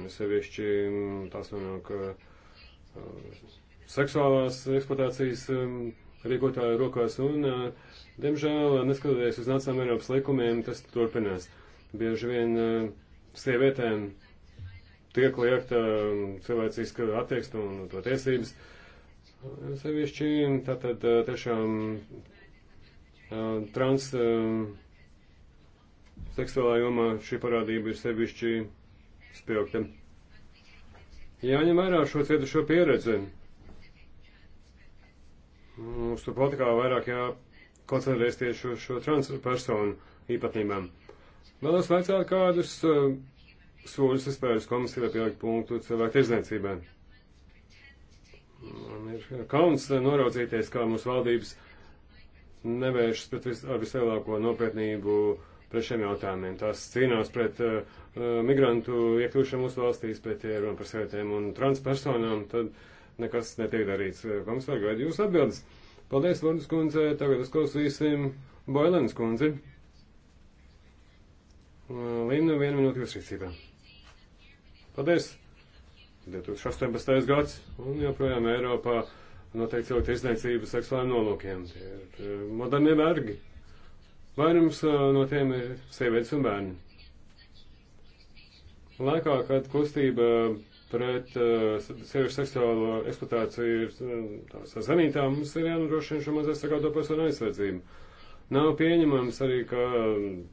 Un sevišķi mm, tās nonāk uh, seksuālās eksploatācijas um, rīkotāju rokās. Un, uh, diemžēl, neskatoties uz nacionālajiem Eiropas likumiem, tas turpinās. Bieži vien uh, sievietēm tiek liekta um, cilvēciska attieksme un to tiesības. Uh, Sevišķi tātad eh, tiešām eh, trans eh, seksuālā jomā šī parādība ir sevišķi spilgta. Jāņem vērā šo cietušo pieredzi. Mums tur patīkā vairāk jākoncentrēs tieši uz šo, šo transpersonu īpatnībām. Vēlos vaicāt, kādus uh, soļus vispār uz komisiju pielikt punktu cilvēku tirdzniecībai. Man ir kauns noraudzīties, kā mūsu valdības nevēršas pret vis, ar vislielāko nopietnību pret šiem jautājumiem. Tās cīnās pret uh, uh migrantu iekļūšanu mūsu valstīs, pret ierunu par sievietēm un transpersonām, tad nekas netiek darīts. Uh, Komisāri, gaidu jūs atbildes. Paldies, Lordas kundze. Tagad uzklausīsim Boilens kundzi. Uh, Linda, viena minūte jūs rīcībā. Paldies! 2018. gads, un joprojām Eiropā notiek cilvēku izniecība seksuāliem nolūkiem. Tie ir eh, modernie vergi. Vairums eh, no tiem ir sievietes un bērni. Laikā, kad kustība pret uh, sieviešu seksuālo eksploatāciju ir tās zenītā, mums ir jānodrošina šo mazais sagādo personu aizsardzību. Nav pieņemams arī, ka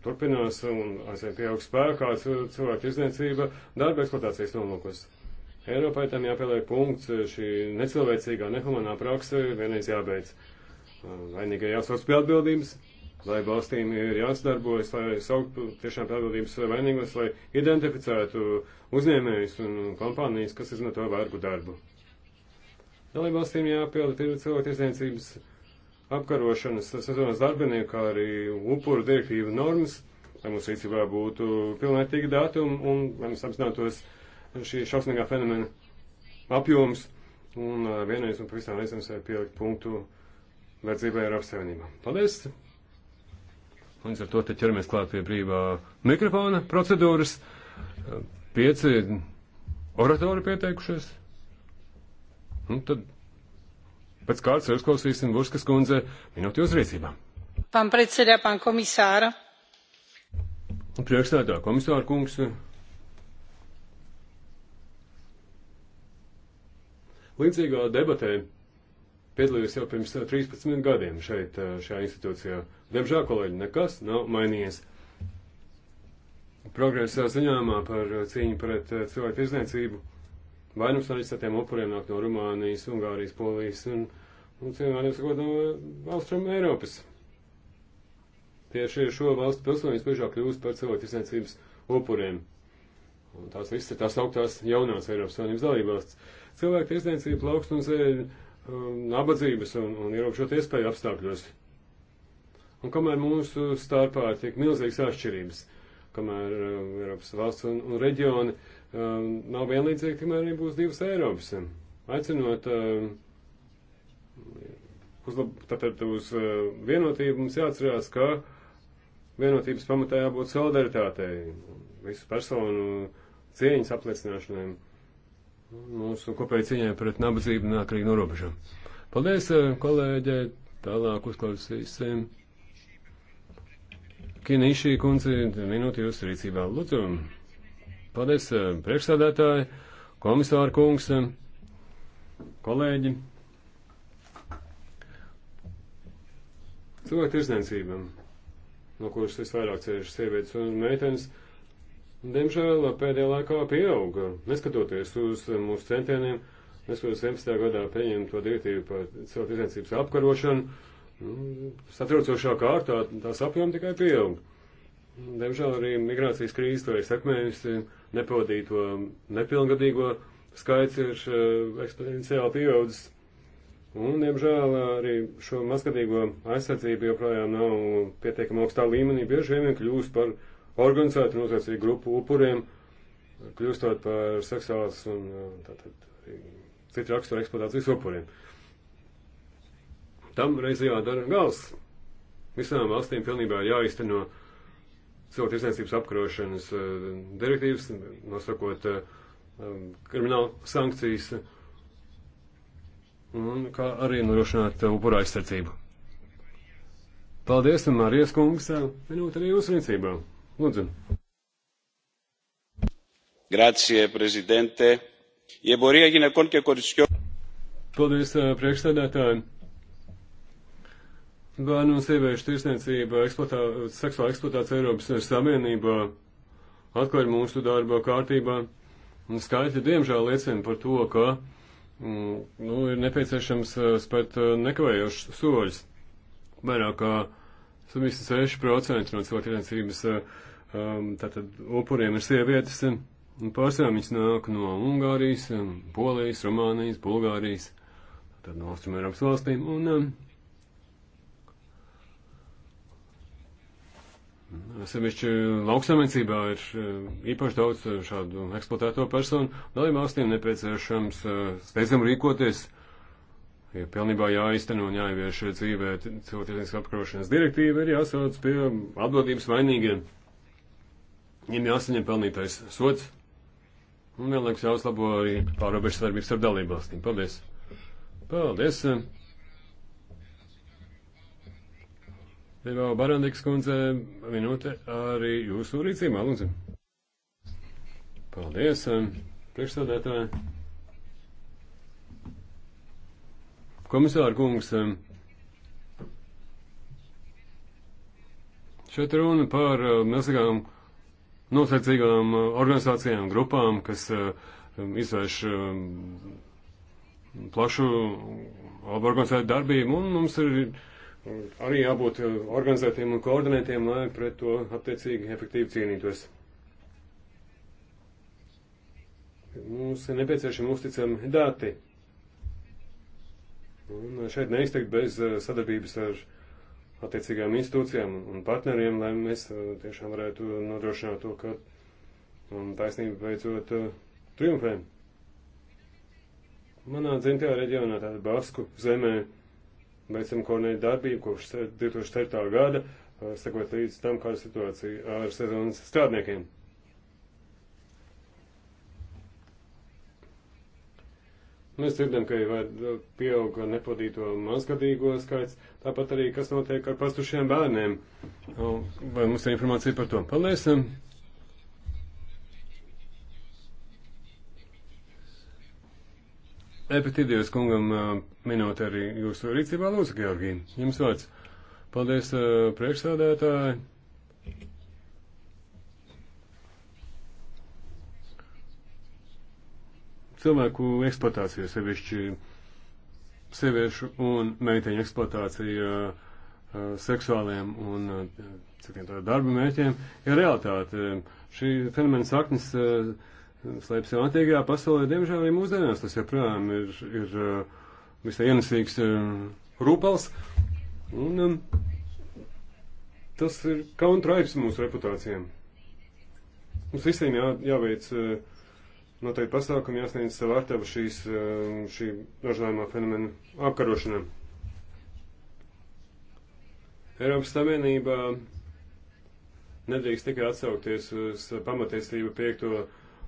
turpinās un aizvien pieaug spēkā cilvēku izniecība darba eksploatācijas nolūkos. Eiropai tam jāpieliek punkts, e, šī necilvēcīgā, nehumanā praksa vienreiz jābeidz. E, vainīgai jāsauc pie atbildības, lai valstīm ir jāsadarbojas, lai saukt tiešām pie atbildības vainīgos, lai identificētu uzņēmējus un kompānijas, kas izmanto vērgu darbu. Dalību valstīm jāpieliek cilvēktiesniecības apkarošanas sezonas darbinieku, kā arī upuru direktīvu normas, lai mums rīcībā būtu pilnvērtīgi datumi un, un lai mēs apzinātos, šī šausmīgā fenomena apjoms, un vienreiz un pavisam reizēm sev pielikt punktu verdzībai Eiropas Savienībā. Paldies! Un ar to te ķeramies klāt pie brīvā mikrofona procedūras. Pieci oratori pieteikušies. Un tad pēc kārtas uzklausīsim Vurskas kundze minūti uz rīcībā. Pan predsedā, pan komisāra. Priekšstādā komisāra kungs. Līdzīgā debatē piedalījos jau pirms 13 eh, gadiem šeit, eh, šajā institūcijā. Diemžēl, kolēģi, nekas nav mainījies. Progresa ziņojumā par eh, cīņu pret cilvēku izniecību vainums no izsatiem upuriem nāk no Rumānijas, Ungārijas, Polijas un, un cilvēkiem sakot no Austrum Eiropas. Tieši šo valstu pilsoņus biežāk kļūst par cilvēku izniecības upuriem. Un tās visas ir tās augtās jaunās Eiropas Savienības dalībvalsts cilvēku tiesniecība plaukstums ir um, nabadzības un, un ierobežot iespēju apstākļos. Un kamēr mūsu starpā tiek milzīgas atšķirības, kamēr um, Eiropas valsts un, un reģioni um, nav vienlīdzīgi, tikmēr arī būs divas Eiropas. Aicinot um, uzlab, tātad uz uh, vienotību, mums jāatcerās, ka vienotības pamatā jābūt solidaritātei, visu personu cieņas apliecināšanai mūsu kopēji cīņai pret nabadzību un atkarīgi no robežām. Paldies, eh, kolēģi! Tālāk uzklausīsim. Kinīšī kundze, minūte jūsu rīcībā. Lūdzu, paldies, eh, priekšsādātāji, komisāra kungs, eh, kolēģi. Cilvēku tirsniecībam, no kuras visvairāk cieši sievietes un meitenes diemžēl pēdējā laikā pieauga, neskatoties uz mūsu centieniem, neskatoties 11. gadā pieņemto direktīvu par cilvēku tirdzniecības apkarošanu, nu, satraucošā kārtā tās apjoma tikai pieauga. Diemžēl arī migrācijas krīze to ir sekmējusi, nepavadīto nepilngadīgo skaits ir uh, eksponenciāli pieaudzis. Un, diemžēl, arī šo mazgadīgo aizsardzību joprojām nav pietiekama augstā līmenī, bieži vien kļūst par uh, organizētu un uzveicīgu grupu upuriem, kļūstot par seksuālas un uh, tātad citu raksturu eksploatācijas upuriem. Tam reiz jādara gals. Visām valstīm pilnībā jāizteno cilvēku tirsniecības apkarošanas uh, direktīvas, nosakot uh, um, kriminālu sankcijas un kā arī nodrošināt upura aizsardzību. Paldies, Mārijas kungs, minūte arī jūsu rīcībā. Lūdzu. Grazie, prezidente. Ieborija ginekon, ka koriskjo. Paldies, eh, priekšstādātāji. Bērnu un sieviešu tirsniecība, eksploatā, seksuāla eksploatācija Eiropas Savienībā atklāja mūsu darba kārtībā. Un skaitļi diemžēl liecina par to, ka mm, nu, ir nepieciešams eh, spēt eh, nekavējošus soļus. Vairāk kā 76% no cilvēktiesības eh, um, tātad upuriem ir sievietes, eh, un pārsvarā viņas nāk no Ungārijas, eh, Polijas, Rumānijas, Bulgārijas, tad no Austrumēropas valstīm, un um, Sevišķi lauksamniecībā ir īpaši daudz šādu eksploatēto personu. Dalībvalstīm nepieciešams steidzam rīkoties, uh, ir pilnībā jāizteno un jāievieš dzīvē cilvēcības apkarošanas direktīva, ir jāsauc pie atbildības vainīgiem. Viņiem jāsaņem pelnītais sots. Un vienlaikus jāuzlabo arī pārobežu sadarbības ar dalībvalstīm. Paldies! Paldies! Tev Barandiks kundze minūte arī jūsu rīcībā, lūdzu. Paldies, priekšstādētāji! Komisāra kungs, šeit runa par milzīgām nosacīgām organizācijām, grupām, kas izvērš plašu organizētu darbību, un mums ir arī jābūt organizētiem un koordinētiem, lai pret to attiecīgi efektīvi cīnītos. Mums ir nepieciešami uzticami dati. Un šeit neiztikt bez eh, sadarbības ar attiecīgām institūcijām un partneriem, lai mēs eh, tiešām varētu nodrošināt to, ka taisnība beidzot eh, triumfē. Manā dzimtajā reģionā, tāda Basku zemē, veicam koordinēt darbību kopš 2004. gada, sekot līdz tam, kāda situācija ar sezonas strādniekiem. Mēs dzirdam, ka jau uh, pieaug nepavadīto mazgadīgo skaits, tāpat arī, kas notiek ar pastušiem bērniem. Nu, vai mums ir informācija par to? Paldies! Um. Epitidijos kungam uh, minūte arī jūsu rīcībā lūdzu, Georgija. Jums vārds. Paldies, uh, priekšsādētāji! cilvēku eksploatācija, sevišķi sieviešu un meiteņu eksploatācija eh, seksuāliem un eh, citiem tādiem darba mērķiem, ir realitāte. Šī fenomena saknes eh, slēpjas jau antīkajā pasaulē, diemžēl arī mūsdienās tas joprojām ir, ir visai ienesīgs rūpals. Un tas ir kauntraips mūsu reputācijām. Mums visiem jā, jāveic uh, noteikti pasākumi jāsniedz savu artavu šīs, um, šī nožēlojumā fenomena apkarošanā. Eiropas Savienība nedrīkst tikai atsaukties uz pamatiesību piekto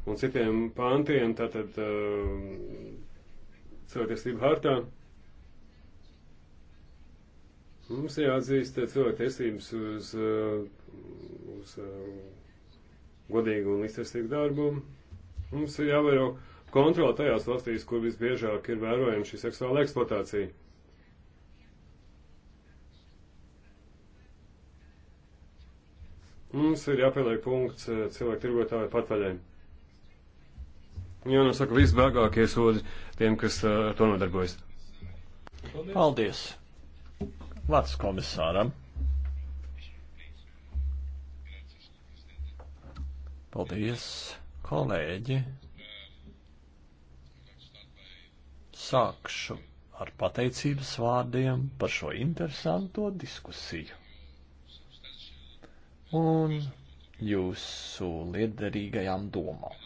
un citiem pāntiem, tātad um, cilvēktiesību hartā. Mums jāatzīst cilvēktiesības uz, uh, uz uh, godīgu un līdztiesīgu darbu, Mums ir jāvēro kontrola tajās valstīs, kur visbiežāk ir vērojama šī seksuāla eksploatācija. Mums ir jāpieliek punkts eh, cilvēku tirgotāju patvaļai. Jo, nu, saka, visbēgākie sodi tiem, kas eh, ar to nodarbojas. Paldies! Paldies. Vārds komisāram. Paldies! kolēģi, sākšu ar pateicības vārdiem par šo interesanto diskusiju. Un jūsu liederīgajām domām.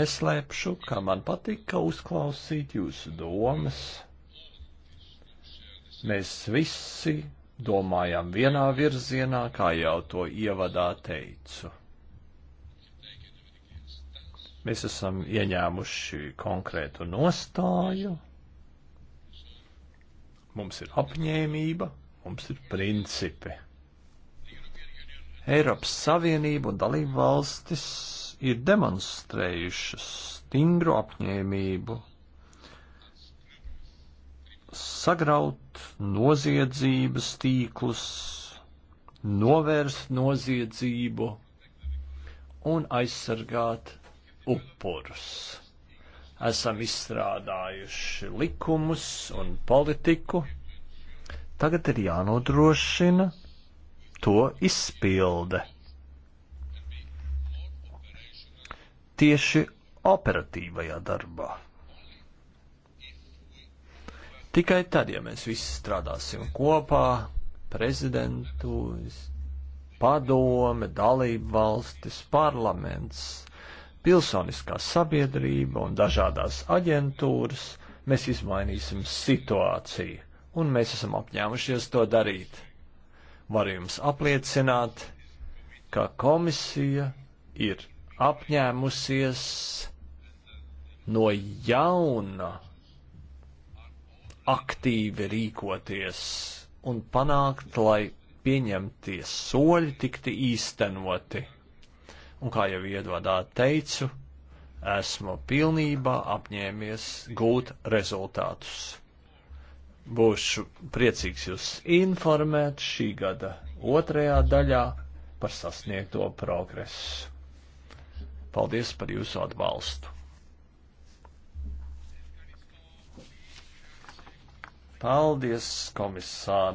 Neslēpšu, ka man patika uzklausīt jūsu domas. Mēs visi domājam vienā virzienā, kā jau to ievadā teicu. Mēs esam ieņēmuši konkrētu nostāju, mums ir apņēmība, mums ir principi. Eiropas Savienība un dalību valstis ir demonstrējušas stingru apņēmību sagraut noziedzības tīklus, novērst noziedzību un aizsargāt upurus. Esam izstrādājuši likumus un politiku. Tagad ir jānodrošina to izpilde. Tieši operatīvajā darbā. Tikai tad, ja mēs visi strādāsim kopā, prezidentūras, padome, dalību valstis, parlaments, pilsoniskā sabiedrība un dažādās aģentūras, mēs izmainīsim situāciju, un mēs esam apņēmušies to darīt. Varu jums apliecināt, ka komisija ir apņēmusies no jauna aktīvi rīkoties un panākt, lai pieņemtie soļi tikti īstenoti un kā jau iedvadā teicu, esmu pilnībā apņēmies gūt rezultātus. Būšu priecīgs jūs informēt šī gada otrajā daļā par sasniegto progresu. Paldies par jūsu atbalstu! Paldies, komisār!